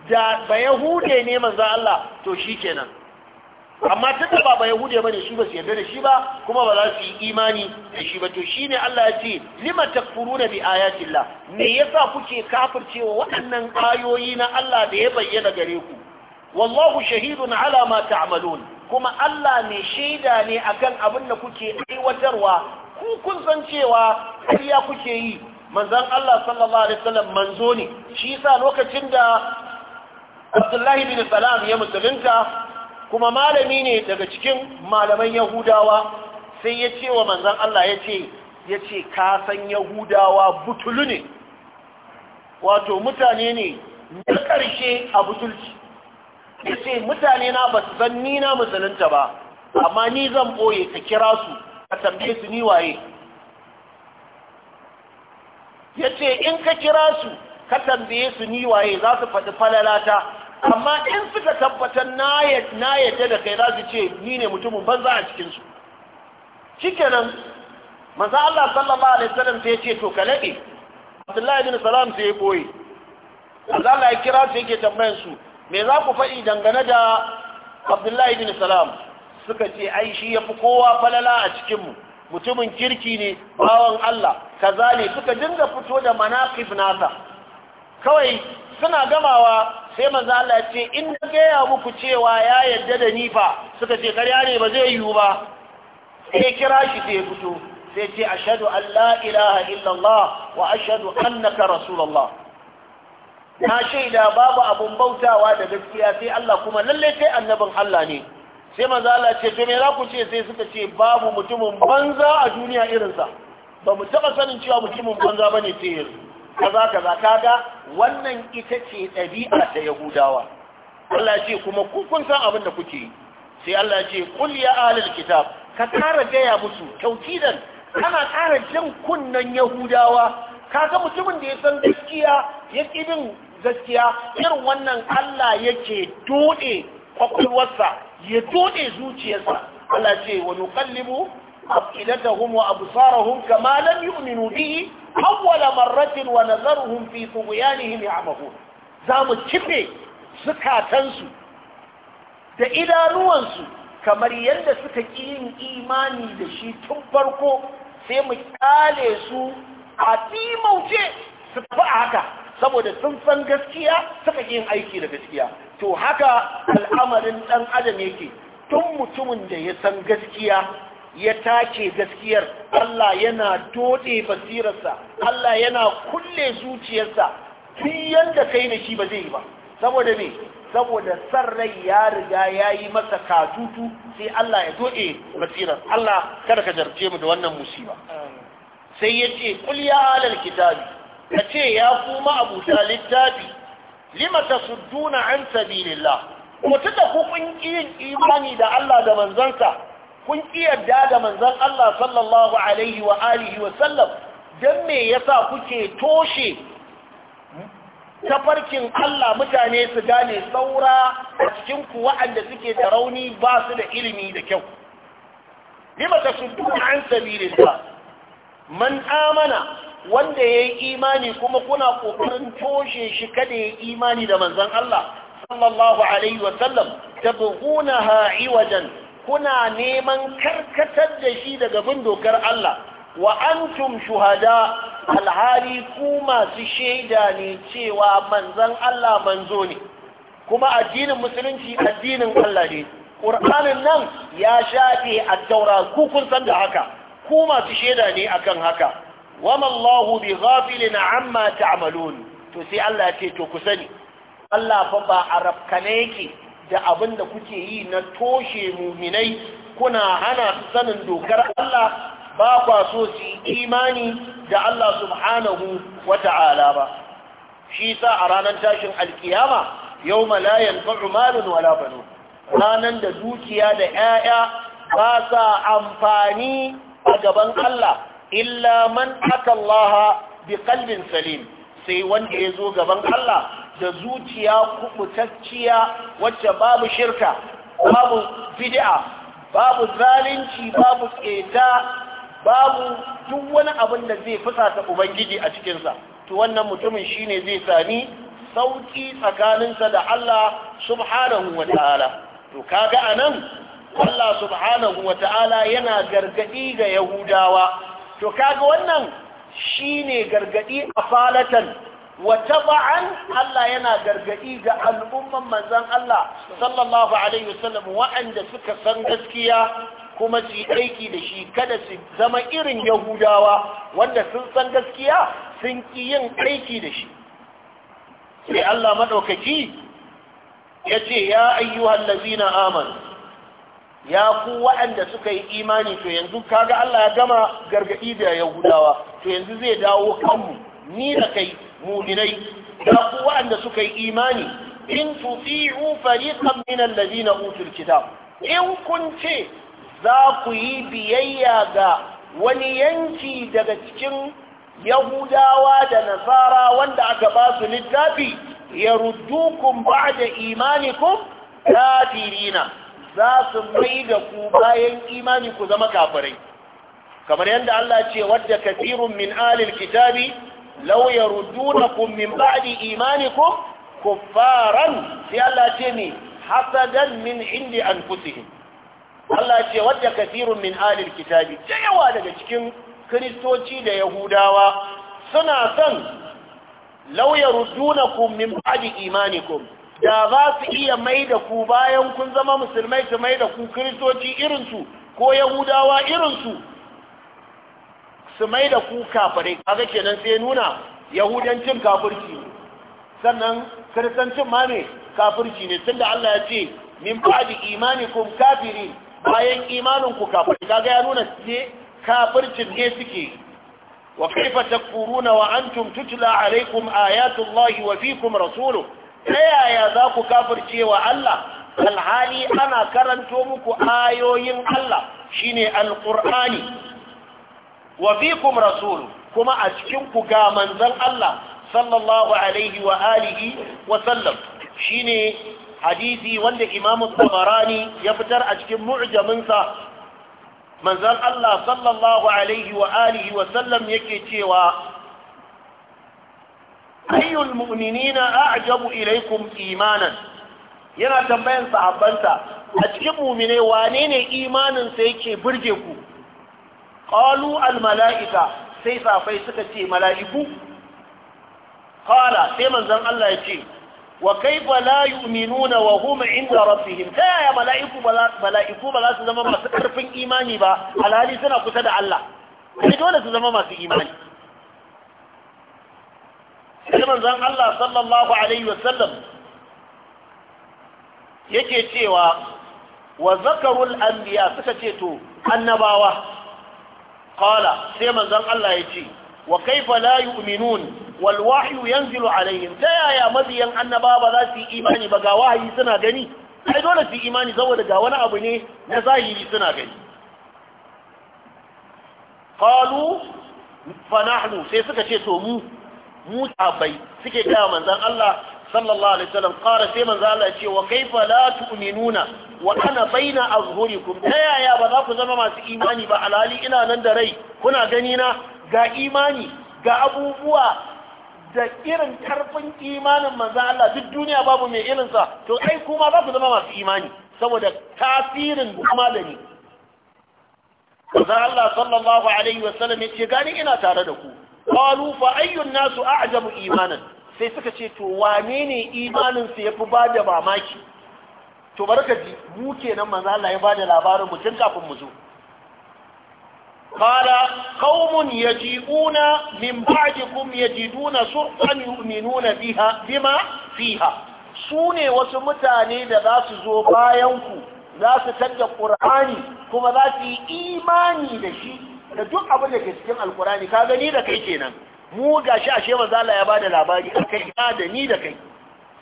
S1: da ba yahude ne manzan Allah to shi kenan amma tunda ba ba yahude bane su ba su yarda da shi ba kuma ba za su yi imani da shi ba to shine Allah ya ce lima takfuruna bi ayatillah me yasa kuke kafircewa waɗannan ayoyi na Allah da ya bayyana gare ku wallahu shahidun ala ma ta'malun kuma Allah mai shaida ne akan abin da kuke aiwatarwa ku kun san cewa ƙarya kuke yi manzon Allah sallallahu alaihi wasallam manzo ne shi yasa lokacin da Abdullahi bin Salam ya musulunta kuma malami ne daga cikin malaman Yahudawa sai ya ce wa manzon Allah ya ce ya ce ka san Yahudawa butulu ne wato mutane ne na ƙarshe a butulci ya ce mutane na ba su san ni na musulunta ba amma ni zan ɓoye ka kira su ka tambaye su ni waye ya ce in ka kira su ka tambaye su ni waye za su faɗi falalata amma in suka tabbatar na yadda da kai za su ce ni ne mutumin banza a cikinsu shikenan manzo Allah sallallahu alaihi wasallam sai ya ce to ka Abdullahi bin Salam sai ya boye Allah ya kira su yake tambayan su me za ku faɗi dangane da abdullahi bin salam suka ce ai shi ya fi kowa falala a cikinmu mutumin kirki ne bawan Allah kaza ne suka dinga fito da manaqib nasa kawai suna gamawa sai manzo Allah ya ce in na gaya muku cewa ya yadda da ni fa suka ce karya ne ba zai yiwu ba sai kira shi sai fito sai ce ashhadu an la ilaha illallah wa ashhadu annaka rasulullah na shaida babu abun bautawa da gaskiya sai Allah kuma lalle sai annabin Allah ne sai manzo Allah ce to me za ku ce sai suka ce babu mutumin banza a duniya irin sa? ba mu taba sanin cewa mutumin banza bane sai yanzu kaza kaza kaga wannan ita ce ɗabi'a ta Yahudawa Allah ce kuma ku kun san abin da kuke sai Allah ce kul ya ahlul kitab ka kara gaya musu taukidan kana kara jin kunnan Yahudawa kaga mutumin da ya san gaskiya ya kidin gaskiya irin wannan Allah yake dode kwakwalwarsa ya dode zuciyarsa Allah ce wa nuqallibu afilatahum wa absarahum kama lam yu'minu bihi awwala marratin wa nazaruhum fi tughyanihim ya'mahun zamu kife zukatansu da idanuwansu kamar yadda suka ƙi yin imani da shi tun farko sai mu ƙale su a timauce su tafi a haka saboda sun san gaskiya suka yin aiki da gaskiya to haka al'amarin ɗan adam yake tun mutumin da ya san gaskiya ya take gaskiyar Allah yana dode basirarsa Allah yana kulle zuciyarsa duk yanda kai da shi ba zai yi ba saboda me saboda san rai ya riga ya yi masa katutu sai Allah ya dode basirar Allah kada ka jarce mu da wannan musiba sai yace ce kul ya alal kitabi ka ce ya kuma ta littafi su duna an sabilillah kuma tunda ku kun yin imani da Allah da manzansa kun yarda da manzan Allah sallallahu alaihi wa alihi wa sallam dan me yasa kuke toshe tafarkin Allah mutane su gane saura a cikin ku wa'anda suke da rauni ba su da ilimi da kyau su duna an sabilillah man amana wanda ya yi imani kuma kuna ƙoƙarin toshe shi kada ya yi imani da manzan Allah sallallahu Alaihi wasallam ta buhuna ha'iwajen kuna neman karkatar da shi daga bin dokar Allah wa shuhada alhali ku masu shaida ne cewa manzan Allah manzo ne kuma addinin musulunci addinin Allah ne ƙur'anin nan ya shafe a taura ku kun san da haka ku masu shaida ne akan haka wama Allahu bi na amma ta ta'malun to sai Allah ce to ku sani Allah fa ba arabkane yake da abin da kuke yi na toshe muminai kuna hana sanin dokar Allah ba kwa so su imani da Allah subhanahu wata ba shi sa a ranar tashin alkiyama yau la yanfa'u malun wala banun ranan da dukiya da 'ya'ya ba sa amfani a gaban Allah illa man aka Allah bi qalbin salim sai wanda ya zo gaban Allah da zuciya kubutacciya wacce babu shirka babu bid'a babu zalunci babu ƙeta babu duk wani abin da zai fusata ubangiji a cikinsa to wannan mutumin shine zai sami sauki tsakaninsa da Allah subhanahu wa ta'ala to kaga anan Allah subhanahu wa ta'ala yana gargadi ga Yahudawa to kaga wannan shine gargadi a falatan wata ba'an Allah yana gargadi ga al'umman manzan Allah sallallahu alaihi wasallam wa'anda suka san gaskiya kuma su aiki da shi kada su zama irin yahudawa wanda sun san gaskiya sun ki yin aiki da shi sai Allah madaukaki yace ya ayyuhallazina amanu ya ku waɗanda suka yi imani to yanzu kaga Allah ya gama gargaɗi da yahudawa to yanzu zai dawo kanmu ni da kai muminai ya ku waɗanda suka yi imani in tuti'u fariqan min alladhina utul kitab in kun ce za ku yi biyayya ga wani yanki daga cikin yahudawa da nasara wanda aka ba su littafi yaruddukum ba'da imanikum kafirina za su mai da ku bayan imani ku zama kafirai kamar yadda Allah ce wadda kafirun min alil kitabi law yarudunakum min ba'di imanikum kuffaran sai Allah ce ne hasadan min indi anfusihim Allah ce wadda kafirun min alil kitabi da yawa daga cikin kristoci da yahudawa suna son law yarudunakum min ba'di imanikum da za su iya mai da ku bayan kun zama musulmai su mai da ku kiristoci irinsu ko yahudawa irinsu su mai da ku ka kaga kenan sai nuna yahudancin kafirci sannan kiristancin ma ne kafirci ne tunda Allah ya ce min ba'di imanikum kafirin bayan imanin ku ka kaga ya nuna ce kafircin ne suke wa kaifa takfuruna wa antum tutla alaikum ayatullahi wa fikum rasuluhu ta yaya za ku kafirce wa Allah alhali ana karanto muku ayoyin Allah shine alqur'ani wa fikum rasul kuma a cikin ku ga manzan Allah sallallahu alaihi wa alihi wa sallam shine hadithi wanda Imam Tabarani ya fitar a cikin mu'jaminsa manzan Allah sallallahu alaihi wa alihi wa sallam yake cewa ayyul na a'jabu ilaykum imanan yana tambayan sahabbanta a cikin mu'mine wane ne imanin sa yake burge ku qalu mala'ika sai safai suka ce mala'iku qala sai manzon Allah ya ce wa kaifa la yu'minuna wa hum 'inda rabbihim ta ya mala'iku mala'iku ba za su zama masu karfin imani ba alhali suna kusa da Allah sai dole su zama masu imani sai manzon Allah sallallahu alaihi wasallam yake cewa wa zakarul anbiya suka ce to annabawa qala sai manzon Allah ya ce wa kaifa la yu'minun wal wahyu yanzilu alaihim ta yaya mabiyan annaba ba za su yi imani ba ga wahayi suna gani ai dole su yi imani saboda ga wani abu ne na zahiri suna gani qalu fa nahnu sai suka ce to mu mu sahabbai suke ga manzon Allah sallallahu alaihi wasallam qala sai manzo Allah ce wa kaifa la tu'minuna wa ana baina azhurikum ta yaya ba za ku zama masu imani ba alhali ina nan da rai kuna gani na ga imani ga abubuwa da irin karfin imanin manzo Allah duk duniya babu mai irin sa to ai kuma za ku zama masu imani saboda tasirin kuma da ni manzo Allah sallallahu alaihi wasallam ya ce gani ina tare da ku qalu fa ayyun nasu a'jabu imanin. sai suka ce to wane ne imanin sa yafi bada mamaki to barka ji mu kenan manzo Allah ya bada labarin mu tun kafin mu zo qala qaumun yaji'una min ba'dikum yajiduna surqan yu'minuna biha bima fiha ne wasu mutane da za su zo bayanku za su tadda qur'ani kuma za su yi imani da shi da duk abin da ke cikin alkurani ka gani da kai kenan mu gashi ashe manzo zala ya bada labari akai ka da ni da kai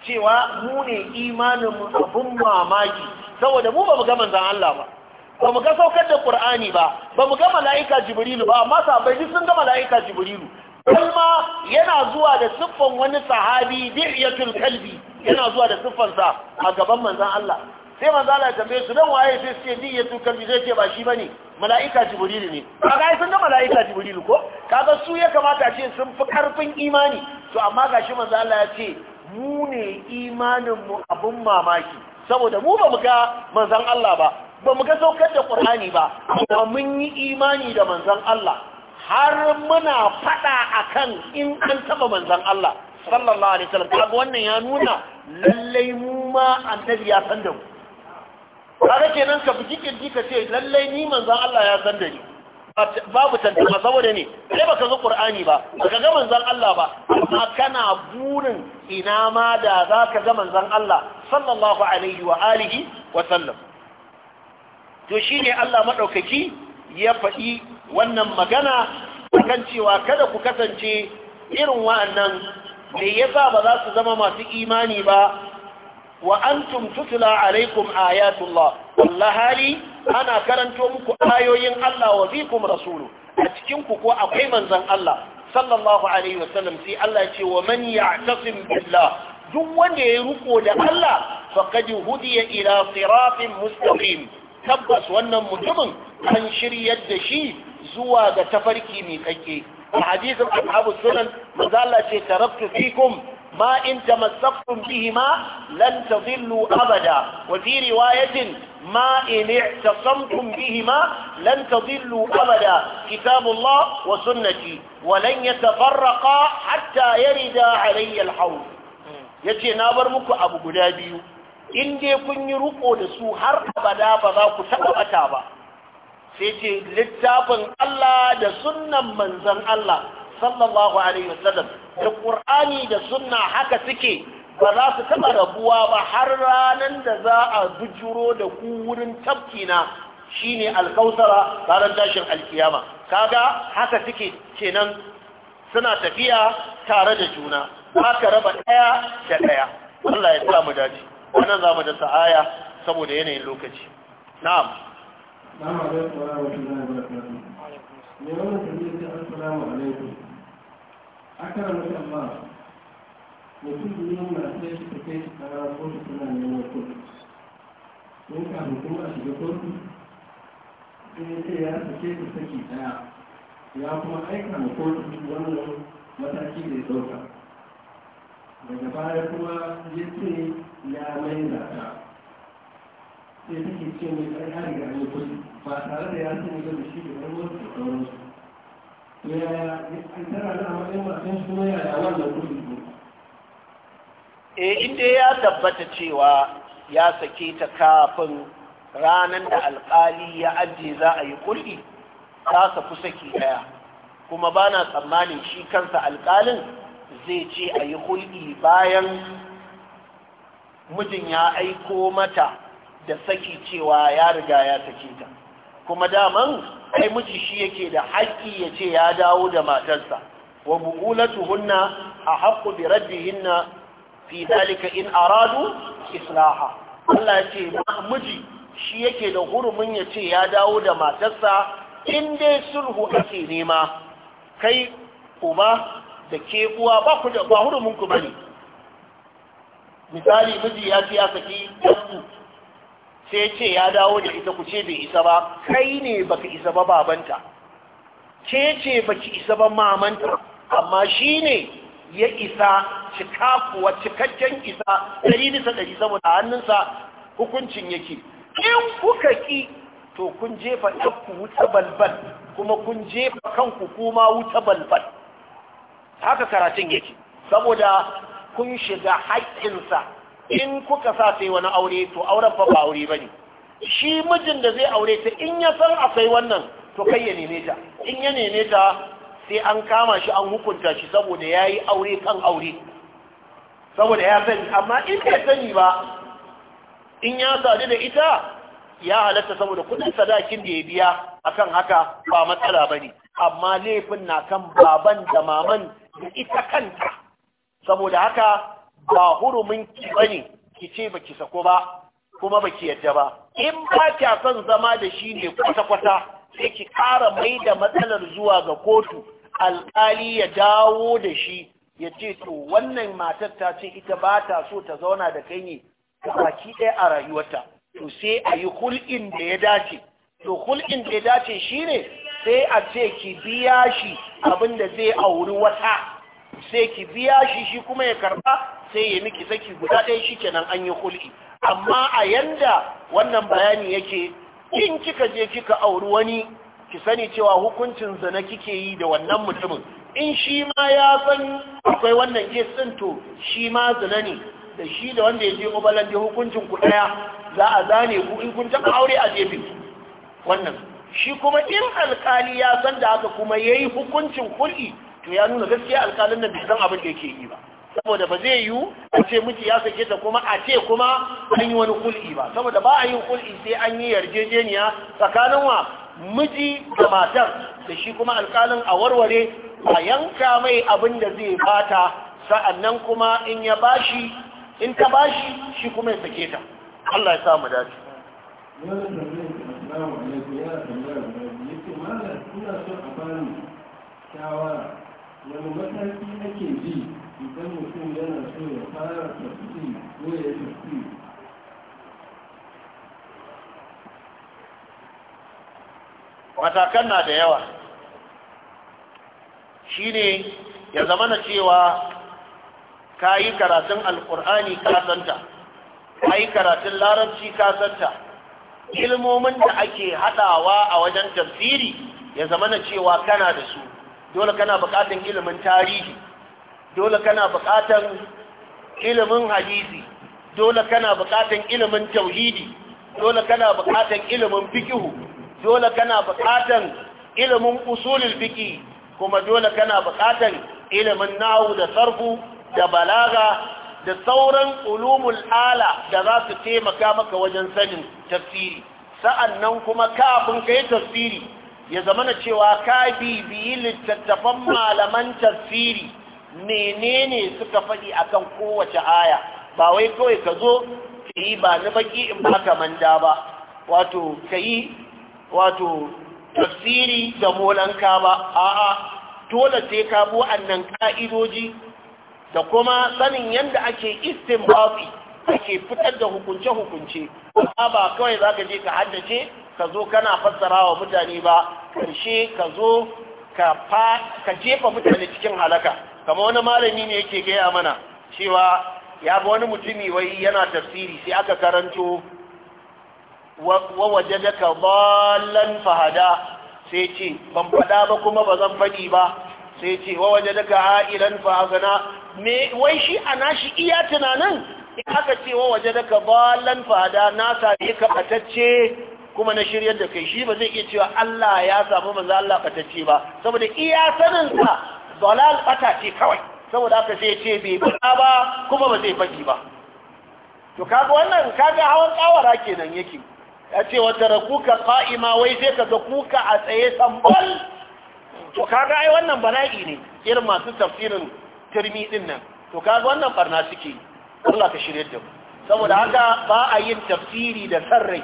S1: cewa mu ne imanin mu abun mamaki saboda mu ba mu ga manzon Allah ba ba mu ga saukar da Qur'ani ba ba mu ga mala'ika Jibrilu ba amma sahabbai duk sun ga mala'ika Jibrilu kalma yana zuwa da siffan wani sahabi bi'yatul kalbi yana zuwa da siffan sa a gaban manzon Allah sai manzo Allah ya tambaye su dan waye sai suke ji ya tukar bi zai ce ba shi bane mala'ika jibril ne kaga ai sun ga mala'ika jibril ko kaga su ya kamata ce sun fi karfin imani to amma gashi manzo Allah ya ce mu ne imanin mu abun mamaki saboda mu ba mu ga manzon Allah ba ba mu ga saukar da Qur'ani ba amma mun yi imani da manzon Allah har muna fada akan in an taba manzon Allah sallallahu alaihi wasallam kaga wannan ya nuna lallai mu ma annabi ya san da mu kaga kenan ka buki kirji ka ce lallai ni manzon Allah ya san da ni babu tantama saboda ne sai baka ga Qur'ani ba baka ga manzan Allah ba amma kana burin ina ma da zaka ga manzan Allah sallallahu alaihi wa alihi wa sallam to shine Allah madaukaki ya faɗi wannan magana kan cewa kada ku kasance irin wa'annan me yasa ba za su zama masu imani ba wa antum tutla alaikum ayatullah wallahi ana karanto muku ayoyin Allah wa fikum rasulu a cikin ku ko akwai manzon Allah sallallahu alaihi wasallam sai Allah ce wa man ya'tasim illa. duk wanda ya yi ruko da Allah faqad ya ila siratin mustaqim tabbas wannan mutumin an shiryar da shi zuwa ga tafarki mai kake a hadisin ashabu sunan manzo Allah ce taraktu fikum ما إن تمسكتم بهما لن تضلوا أبدا وفي رواية ما إن اعتصمتم بهما لن تضلوا أبدا كتاب الله وسنتي ولن يتفرقا حتى يردا علي الحوض yace na bar muku abu guda biyu in dai kun yi ruko da su har abada ba za ku taɓa bata ba sai ce littafin Allah da sunnan manzon Allah sallallahu alaihi wasallam da qur'ani da sunna haka suke ba za su taba rabuwa ba har ranan da za a bujuro da ku wurin na shine alkausara ranar tashin alkiyama kaga haka suke kenan suna tafiya tare da juna haka raba daya da daya Allah ya sa mu dace wannan zamu da sa'aya saboda yanayin lokaci na'am
S2: na'am wa rahmatullahi wa barakatuh ne wannan tafiya assalamu alaikum akara mutum amma mutum biyu masu yake ta kai tsara kotu suna neman kotu sun kafin kuma a shiga kotu sun yi ce ya sake ta saki daya ya kuma aika ma kotu wannan mataki da ya dauka daga baya kuma ya ce ya mai zata sai take ce mai tsari ga ainihin ba tare da ya sani ga da shi da wani wasu da sauransu e
S1: eh, inda ya tabbata cewa ya sake ta kafin ranar da alƙali ya ajiye za a yi kulli ta safi saki daya kuma ba na tsammanin shi kansa alkalin zai ce a yi kulli bayan mijin ya aiko mata da saki cewa ya riga ya sake ta kuma daman ai miji shi yake da haƙƙi ya ce ya dawo da matarsa wa a ahaqqu bi raddihinna fi dalika in aradu islaha Allah ya ce miji shi yake da hurumin ya ce ya dawo da matarsa in dai sulhu ake nema kai uba da ke uwa ba ku da ba hurumin ku bane misali miji ya ce ya saki sai ce ya dawo da ita ku ce bai isa ba kai ne baka isa ba babanta ke ce baki isa ba mamanta amma shi ne ya isa cika kuwa cikakken isa ɗari bisa ɗari saboda hannunsa hukuncin yake in kuka ki to kun jefa ɗanku wuta balbal kuma kun jefa kanku kuma wuta balbal haka karatun yake saboda kun shiga haƙƙinsa in kuka sa sai wani aure to auren fa ba aure bane shi mijin da zai aure ta in ya san akwai wannan to kai ya neme ta in ya neme ta sai an kama shi an hukunta shi saboda ya yi aure kan aure saboda ya sani amma in bai sani ba in ya sadu da ita ya halatta saboda kudin sadakin da ya biya akan haka ba matsala bane amma laifin na kan baban da maman da ita kanta saboda haka ba hurumin ki bane ki ce ba ki sako ba kuma ba ki yadda ba in ba kya son zama da shi ne kwata-kwata sai ki ƙara mai da matsalar zuwa ga kotu alƙali ya dawo da shi ya ce to wannan matar ta ce ita ba ta so ta zauna da kai ne baki ɗaya a rayuwarta to sai a yi hulɗin da ya dace to hulɗin da ya dace shi ne sai a ce ki biya shi abin da zai auri wata sai ki biya shi shi kuma ya karba sai ya miki zaki guda ɗaya shi kenan an yi kulki. amma a yanda wannan bayani yake in kika je kika auri wani ki sani cewa hukuncin zina kike yi da wannan mutumin in shi ma ya san akwai wannan kes ɗin to shi ma zana ne da shi da wanda ya je obalan da hukuncin ku ɗaya za a zane ku in kun taɓa aure a jefin wannan shi kuma in alkali ya san da haka kuma ya yi hukuncin hul'i to ya nuna gaskiya alƙalin nan bisan abin da yake yi ba saboda ba zai yiwu a ce miji ya sake ta kuma a ce kuma an yi wani kul'i ba saboda ba a yin kul'i sai an yi yarjejeniya tsakanin wa miji da matar da shi kuma alƙalin a warware a yanka mai abin da zai bata sa'annan kuma in ya bashi in ta bashi shi kuma ya sake ta Allah ya sa mu dace
S2: shawara wani mataki ake ji idan mutum yana so ya fara tafi ko ya tafi
S1: matakan na da yawa shine ya zama na cewa ka yi karatun alkur'ani kasanta ka yi karatun larabci kasanta ilmomin da ake hadawa a wajen tafsiri ya zama na cewa kana da su dole kana buƙatar ilimin tarihi dole kana buƙatar ilimin hadisi dole kana buƙatar ilimin tauhidi dole kana buƙatar ilimin fikihu dole kana bukatan ilimin usulul fiqi kuma dole kana bukatan ilimin nahwu da sarfu da balaga da sauran ulumul ala da za su taimaka maka wajen sanin tafsiri sa'annan kuma kafin kai tafsiri ya zamana cewa ka bibiyi littattafan malaman tafsiri menene suka faɗi akan kowace aya ba wai kawai ka zo ka yi ba na baƙi in baka manda ba wato ka yi wato tafsiri da molanka ba a'a dole sai ka bu annan ka'idoji da kuma sanin yadda ake istinbabi ake fitar da hukunce-hukunce ba kawai za ka je ka haddace ka zo kana fassara wa mutane ba karshe ka zo ka jefa mutane cikin halaka kama wani malami ne yake gaya mana cewa ya bi wani mutumi wai yana tafsiri sai aka karanto wa da ka fahada sai ce ban fada ba kuma ba zan faɗi ba sai ce wa da ka ha'ilan wai shi a nashi iya tunanin aka ce wa waje da ka fahada na sami ka kuma na shiryar da kai shi ba zai iya cewa Allah ya samu manzo Allah batacce ba saboda iya sanin sa dalal bata ce kawai saboda haka sai ce bai bada ba kuma ba zai faki ba to kaga wannan kaga hawan kawara kenan yake ya ce wa tarakuka qa'ima wai sai kaga kuka a tsaye sambal to kaga ai wannan bala'i ne irin masu tafsirin tirmi din nan to kaga wannan barna suke Allah ka shirye da mu saboda haka ba a yin tafsiri da sarrai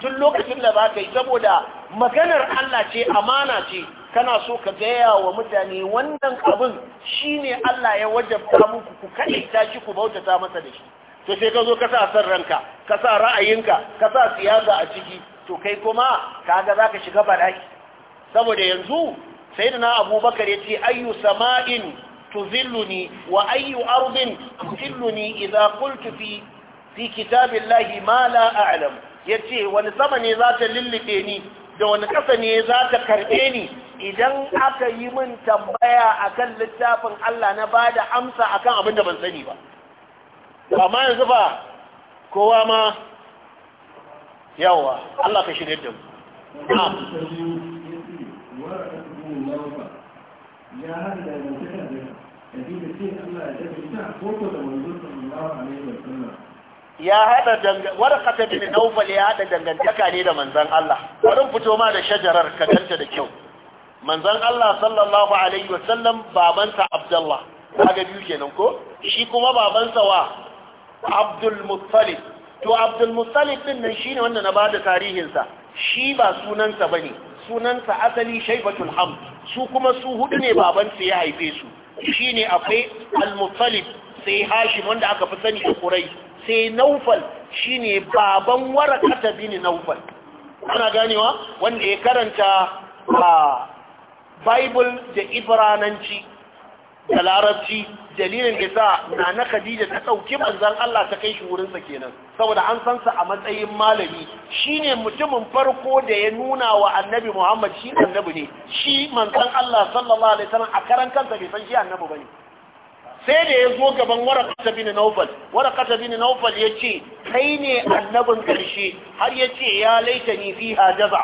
S1: tun lokacin da ba ka yi saboda maganar Allah ce amana ce kana so ka gaya wa mutane wannan abin ne Allah ya wajabta muku ku kaɗaita shi ku bautata masa da shi to sai ka zo ka sa san ranka ka sa ra'ayinka ka sa siyasa a ciki to kai kuma kaga za ka shiga bala'i saboda yanzu sai da na abubakar ya ce ayyu sama'in tuzilluni wa ayyu ardin tuzilluni idza qultu fi fi kitabillahi ma la a'lamu ya ce wani sama ne za ta lullube ni da wani ƙasa ne za ta karɓe ni idan aka yi min tambaya akan littafin Allah na ba da amsa akan abin da ban sani ba amma yanzu ba kowa ma yawa Allah ka shirya da mu ya haɗa warqata bin nawfal ya haɗa dangantaka ne da manzan Allah bari fito ma da shajarar ka ganta da kyau Manzan Allah sallallahu alaihi wasallam babansa Abdullah kaga biyu kenan ko shi kuma babansa wa Abdul Muttalib to Abdul Muttalib din nan shine wanda na bada tarihin sa shi ba sunansa bane sunansa asali Shaybatul Hamd su kuma su hudu ne babansa ya haife su shine akwai Al-Muttalib sai Hashim wanda aka fi sani da Quraysh sai naufal shi ne baban warakata ne naufal ana ganewa wanda ya karanta a bible da ibrananci da larabci dalilin da sa na na khadija ta ɗauki manzan Allah ta kai shi wurinsa kenan saboda an san sa a matsayin malami Shi ne mutumin farko da ya nuna wa annabi Muhammad shi annabi ne shi manzan Allah sallallahu alaihi wasallam a karan kansa bai san shi annabi bane sai da ya zo gaban kata bin naufal kata bin naufal ya ce kai ne annabin ƙarshe har ya ce ya laita ni fi hajaza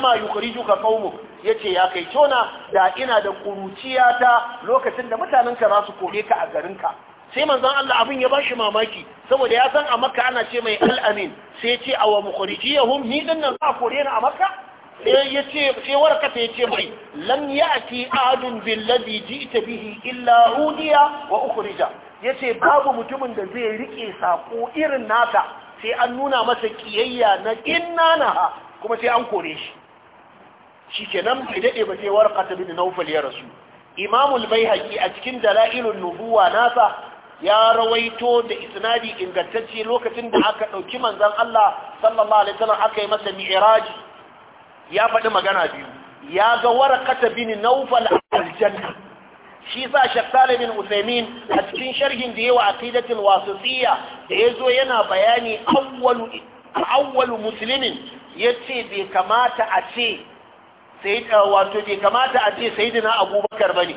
S1: ma, yukrijuka qaumuk yace ya ce ya kai tona da ina da kuruciya ta lokacin da mutanenka za su kore ka a garinka sai manzon Allah abin ya ba shi mamaki saboda ya san a Makka ana ce mai al'amin sai sai ya ce awa mukhrijiyahum ni dinnan za kore ni a Makka sai ya ce sai warkata ya ce mai lam ya'ti ahadun billadhi ji'ta bihi illa udiya wa ukhrija yace babu mutumin da zai rike sako irin naka sai an nuna masa kiyayya na innanaha kuma sai an kore shi shikenan bai dade ba sai warqata bin nawfal ya rasu Imam al-baihaqi a cikin dalailun nubuwa nasa ya rawaito da isnadi ingantacce lokacin da aka dauki manzon Allah sallallahu alaihi wasallam aka yi masa mi'raji ya faɗi magana biyu ya ga warakata bini naufal aljanna shi sa shaktale bin usaimin a cikin sharhin da yawa aqidatul wasitiyya da yazo yana bayani awwalu awwalu muslimin yace bai kamata a ce sai wato bai kamata a ce sayyidina abubakar bane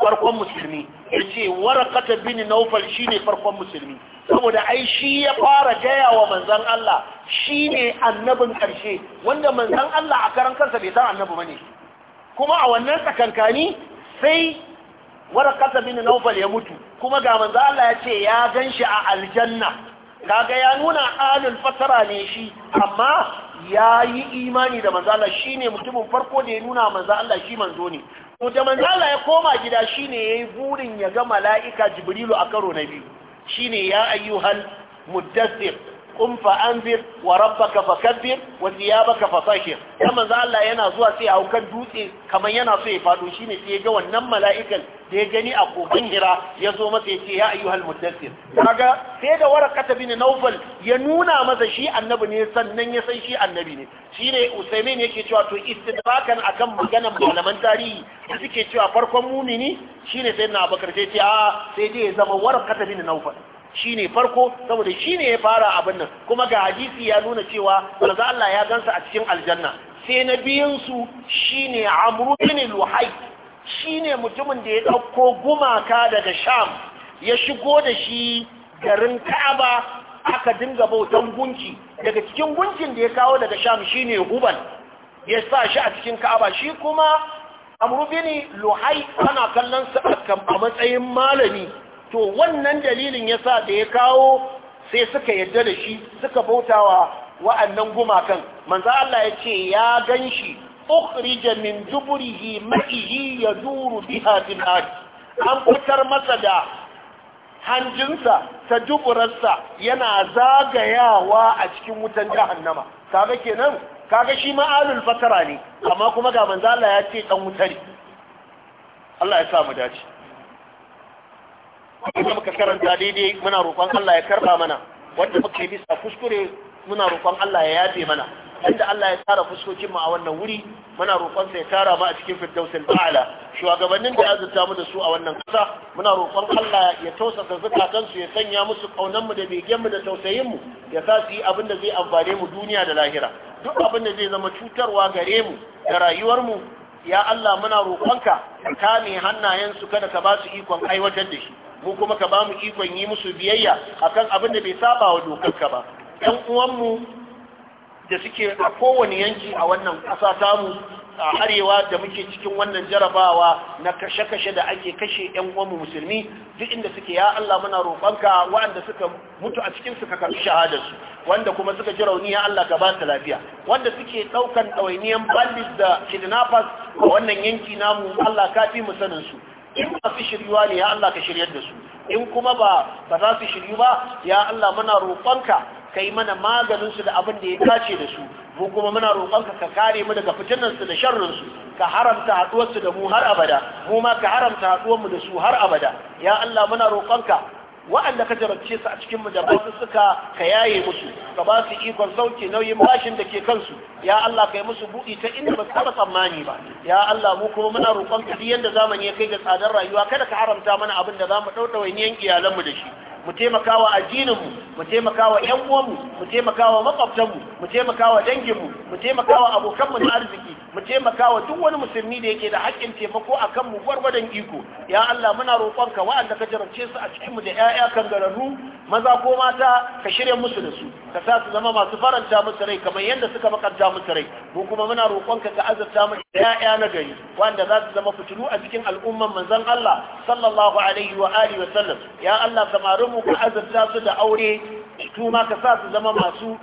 S1: farkon musulmi ya ce warakata bin naufal shi ne farkon musulmi saboda ai shi ya fara gaya wa manzan Allah shi ne annabin ƙarshe wanda manzan Allah a karan kansa bai san annabi ba ne kuma a wannan tsakankani sai warakata bin naufal ya mutu kuma ga manzan Allah ya ce ya gan shi a aljanna kaga ya nuna alul fasara ne shi amma ya yi imani da manzan Allah shi ne mutumin farko da ya nuna manzan Allah shi manzo ne to da manzala ya koma gida shine yayi burin ya ga mala'ika jibrilu a karo na biyu shine ya ayyuhal muddassir qum fa anzir wa rabbaka fakabbir wa thiyabaka fatahhir kuma za Allah yana zuwa sai a kan dutse kaman yana so ya fado shine sai ya ga wannan mala'ikan da ya gani a kogon hira ya zo masa ya ce ya ayyuhal muddassir kaga sai da warakata bin nawfal ya nuna masa shi annabi ne sannan ya san shi annabi ne shine usaimin yake cewa to istidrakan akan maganan malaman tarihi da suke cewa farkon mumini shine sayyidina abubakar sai ce a sai dai ya zama warakata bin nawfal Shi ne farko saboda shi ne ya fara abin nan kuma ga hadisi ya nuna cewa manzo Allah ya gansa a cikin aljanna sai na biyun su shine Amr Luhai, Luhay shine mutumin da ya dauko gumaka daga Sham ya shigo da shi garin Ka'aba aka dinga bautan gunki daga cikin gunkin da ya kawo daga Sham shine Huban ya sa shi a cikin Ka'aba shi kuma Amr Luhai Luhay ana kallon sa a matsayin malami to wannan dalilin yasa da ya kawo sai suka yadda da shi suka bautawa wa'annan gumakan manza Allah ya ce ya ganshi ukhrija min duburihi ma'ihi yaduru biha fil an fitar masa da hanjinsa ta duburarsa yana zagayawa a cikin wutan jahannama kaga kenan kaga shi ma'alul fatara ne amma kuma ga manza Allah ya ce dan wutari Allah ya sa mu dace wanda muka karanta daidai muna roƙon Allah ya karba mana wanda muka yi bisa kuskure muna roƙon Allah ya yafe mana inda Allah ya tara fuskokin mu a wannan wuri muna roƙon sa ya tara ba a cikin firdausin ba'ala shugabannin da azurta mu da su a wannan ƙasa muna roƙon Allah ya tausasa zakatan su ya sanya musu kaunan mu da begen mu da tausayin mu ya sa su yi abin da zai amfane mu duniya da lahira duk abin da zai zama cutarwa gare mu da rayuwar mu ya Allah muna roƙonka ka kame hannayen su kada ka ba su ikon aiwatar da shi mu kuma ka bamu ikon yi musu biyayya akan abin da bai saba wa dokarka ba ɗan uwanmu da suke a kowane yanki a wannan ƙasa tamu a arewa da muke cikin wannan jarabawa na kashe-kashe da ake kashe 'yan uwanmu musulmi duk inda suke ya Allah muna roƙonka waɗanda suka mutu a cikin suka karɓi shahadarsu wanda kuma suka ji rauni ya Allah ka ba su lafiya wanda suke ɗaukan ɗawainiyan bandits da kidnappers a wannan yanki namu Allah ka fi mu sanin su in masu shiryuwa ne ya Allah ka shiryar da su in kuma ba za su shiryu ba ya Allah muna roƙonka ka yi mana maganinsu da abin da ya dace da su mu kuma muna roƙonka ka kare mu daga fitinan da sharrin ka haramta haɗuwarsu da mu har abada mu ma ka haramta haɗuwarmu da su har abada ya Allah muna roƙonka wa'anda ka jarabce su a cikin mu da suka ka yaye musu ka ba su ikon sauke nauyin bashin da ke kansu ya Allah kai musu buɗi ta inda ba taɓa tsammani ba ya Allah mu kuma muna roƙon ka yadda yanda zamani ya kai ga tsadar rayuwa kada ka haramta mana abin da za mu ɗauɗa wani da shi mu taimaka wa addininmu mu taimaka wa uwanmu mu taimaka wa makwabtanmu mu taimaka wa danginmu mu taimaka wa abokanmu na arziki mu taimaka wa duk wani musulmi da yake da haƙƙin taimako a kanmu gwargwadon iko ya Allah muna roƙonka wa'anda ka jarabce su a cikinmu da 'yaya kangararru maza ko mata ka shirya musu da su ka sa su zama masu faranta musu rai kamar yadda suka makanta musu rai mu kuma muna roƙonka ka azurta musu da na gari wanda za su zama fitilu a cikin al'umman manzon Allah sallallahu alaihi wa alihi wa sallam ya Allah samarinmu ku azabta su da aure su ma ka sa su zama masu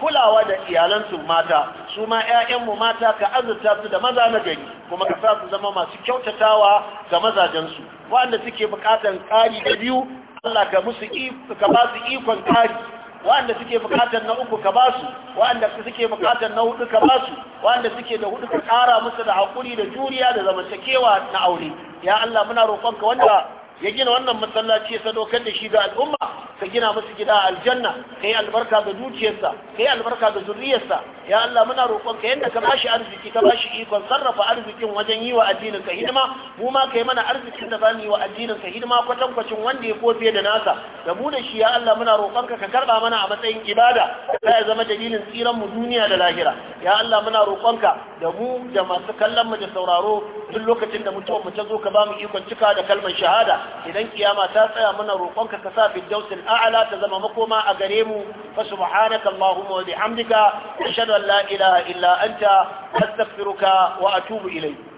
S1: kulawa da iyalansu mata su ma 'ya'yanmu mata ka azabta su da maza na gari kuma ka sa su zama masu kyautatawa ga mazajensu wanda suke bukatan ƙari da biyu Allah ka musu ka ba su ikon ƙari wanda suke bukatan na uku ka ba su wanda suke bukatan na hudu ka ba su wanda suke da hudu ka ƙara musu da haƙuri da juriya da zamantakewa na aure ya Allah muna roƙonka wanda ya gina wannan masallaci ya sadaukar da shi ga al'umma ka gina musu gida a aljanna ka yi albarka ga dukiyarsa ka yi albarka ga zuriyarsa ya Allah muna roƙon ka yadda ka bashi arziki ka bashi ikon sarrafa arzikin wajen yi wa addinin ka hidima mu ma ka yi mana arzikin da zamu yi wa addinin ka hidima kwatankwacin wanda ya kofe da nasa da mu da shi ya Allah muna roƙon ka ka karba mana a matsayin ibada ka ya zama dalilin tsiran mu duniya da lahira ya Allah muna roƙon ka da mu da masu kallon mu da sauraro duk lokacin da mutuwar mu ta zo ka ba mu ikon cika da kalmar shahada idan kiyama ta tsaya mana roƙonka ka sa firdausul a'la ta zama makoma a gare mu fa subhanaka allahumma wa bihamdika ashhadu an la ilaha illa anta astaghfiruka wa atubu ilayk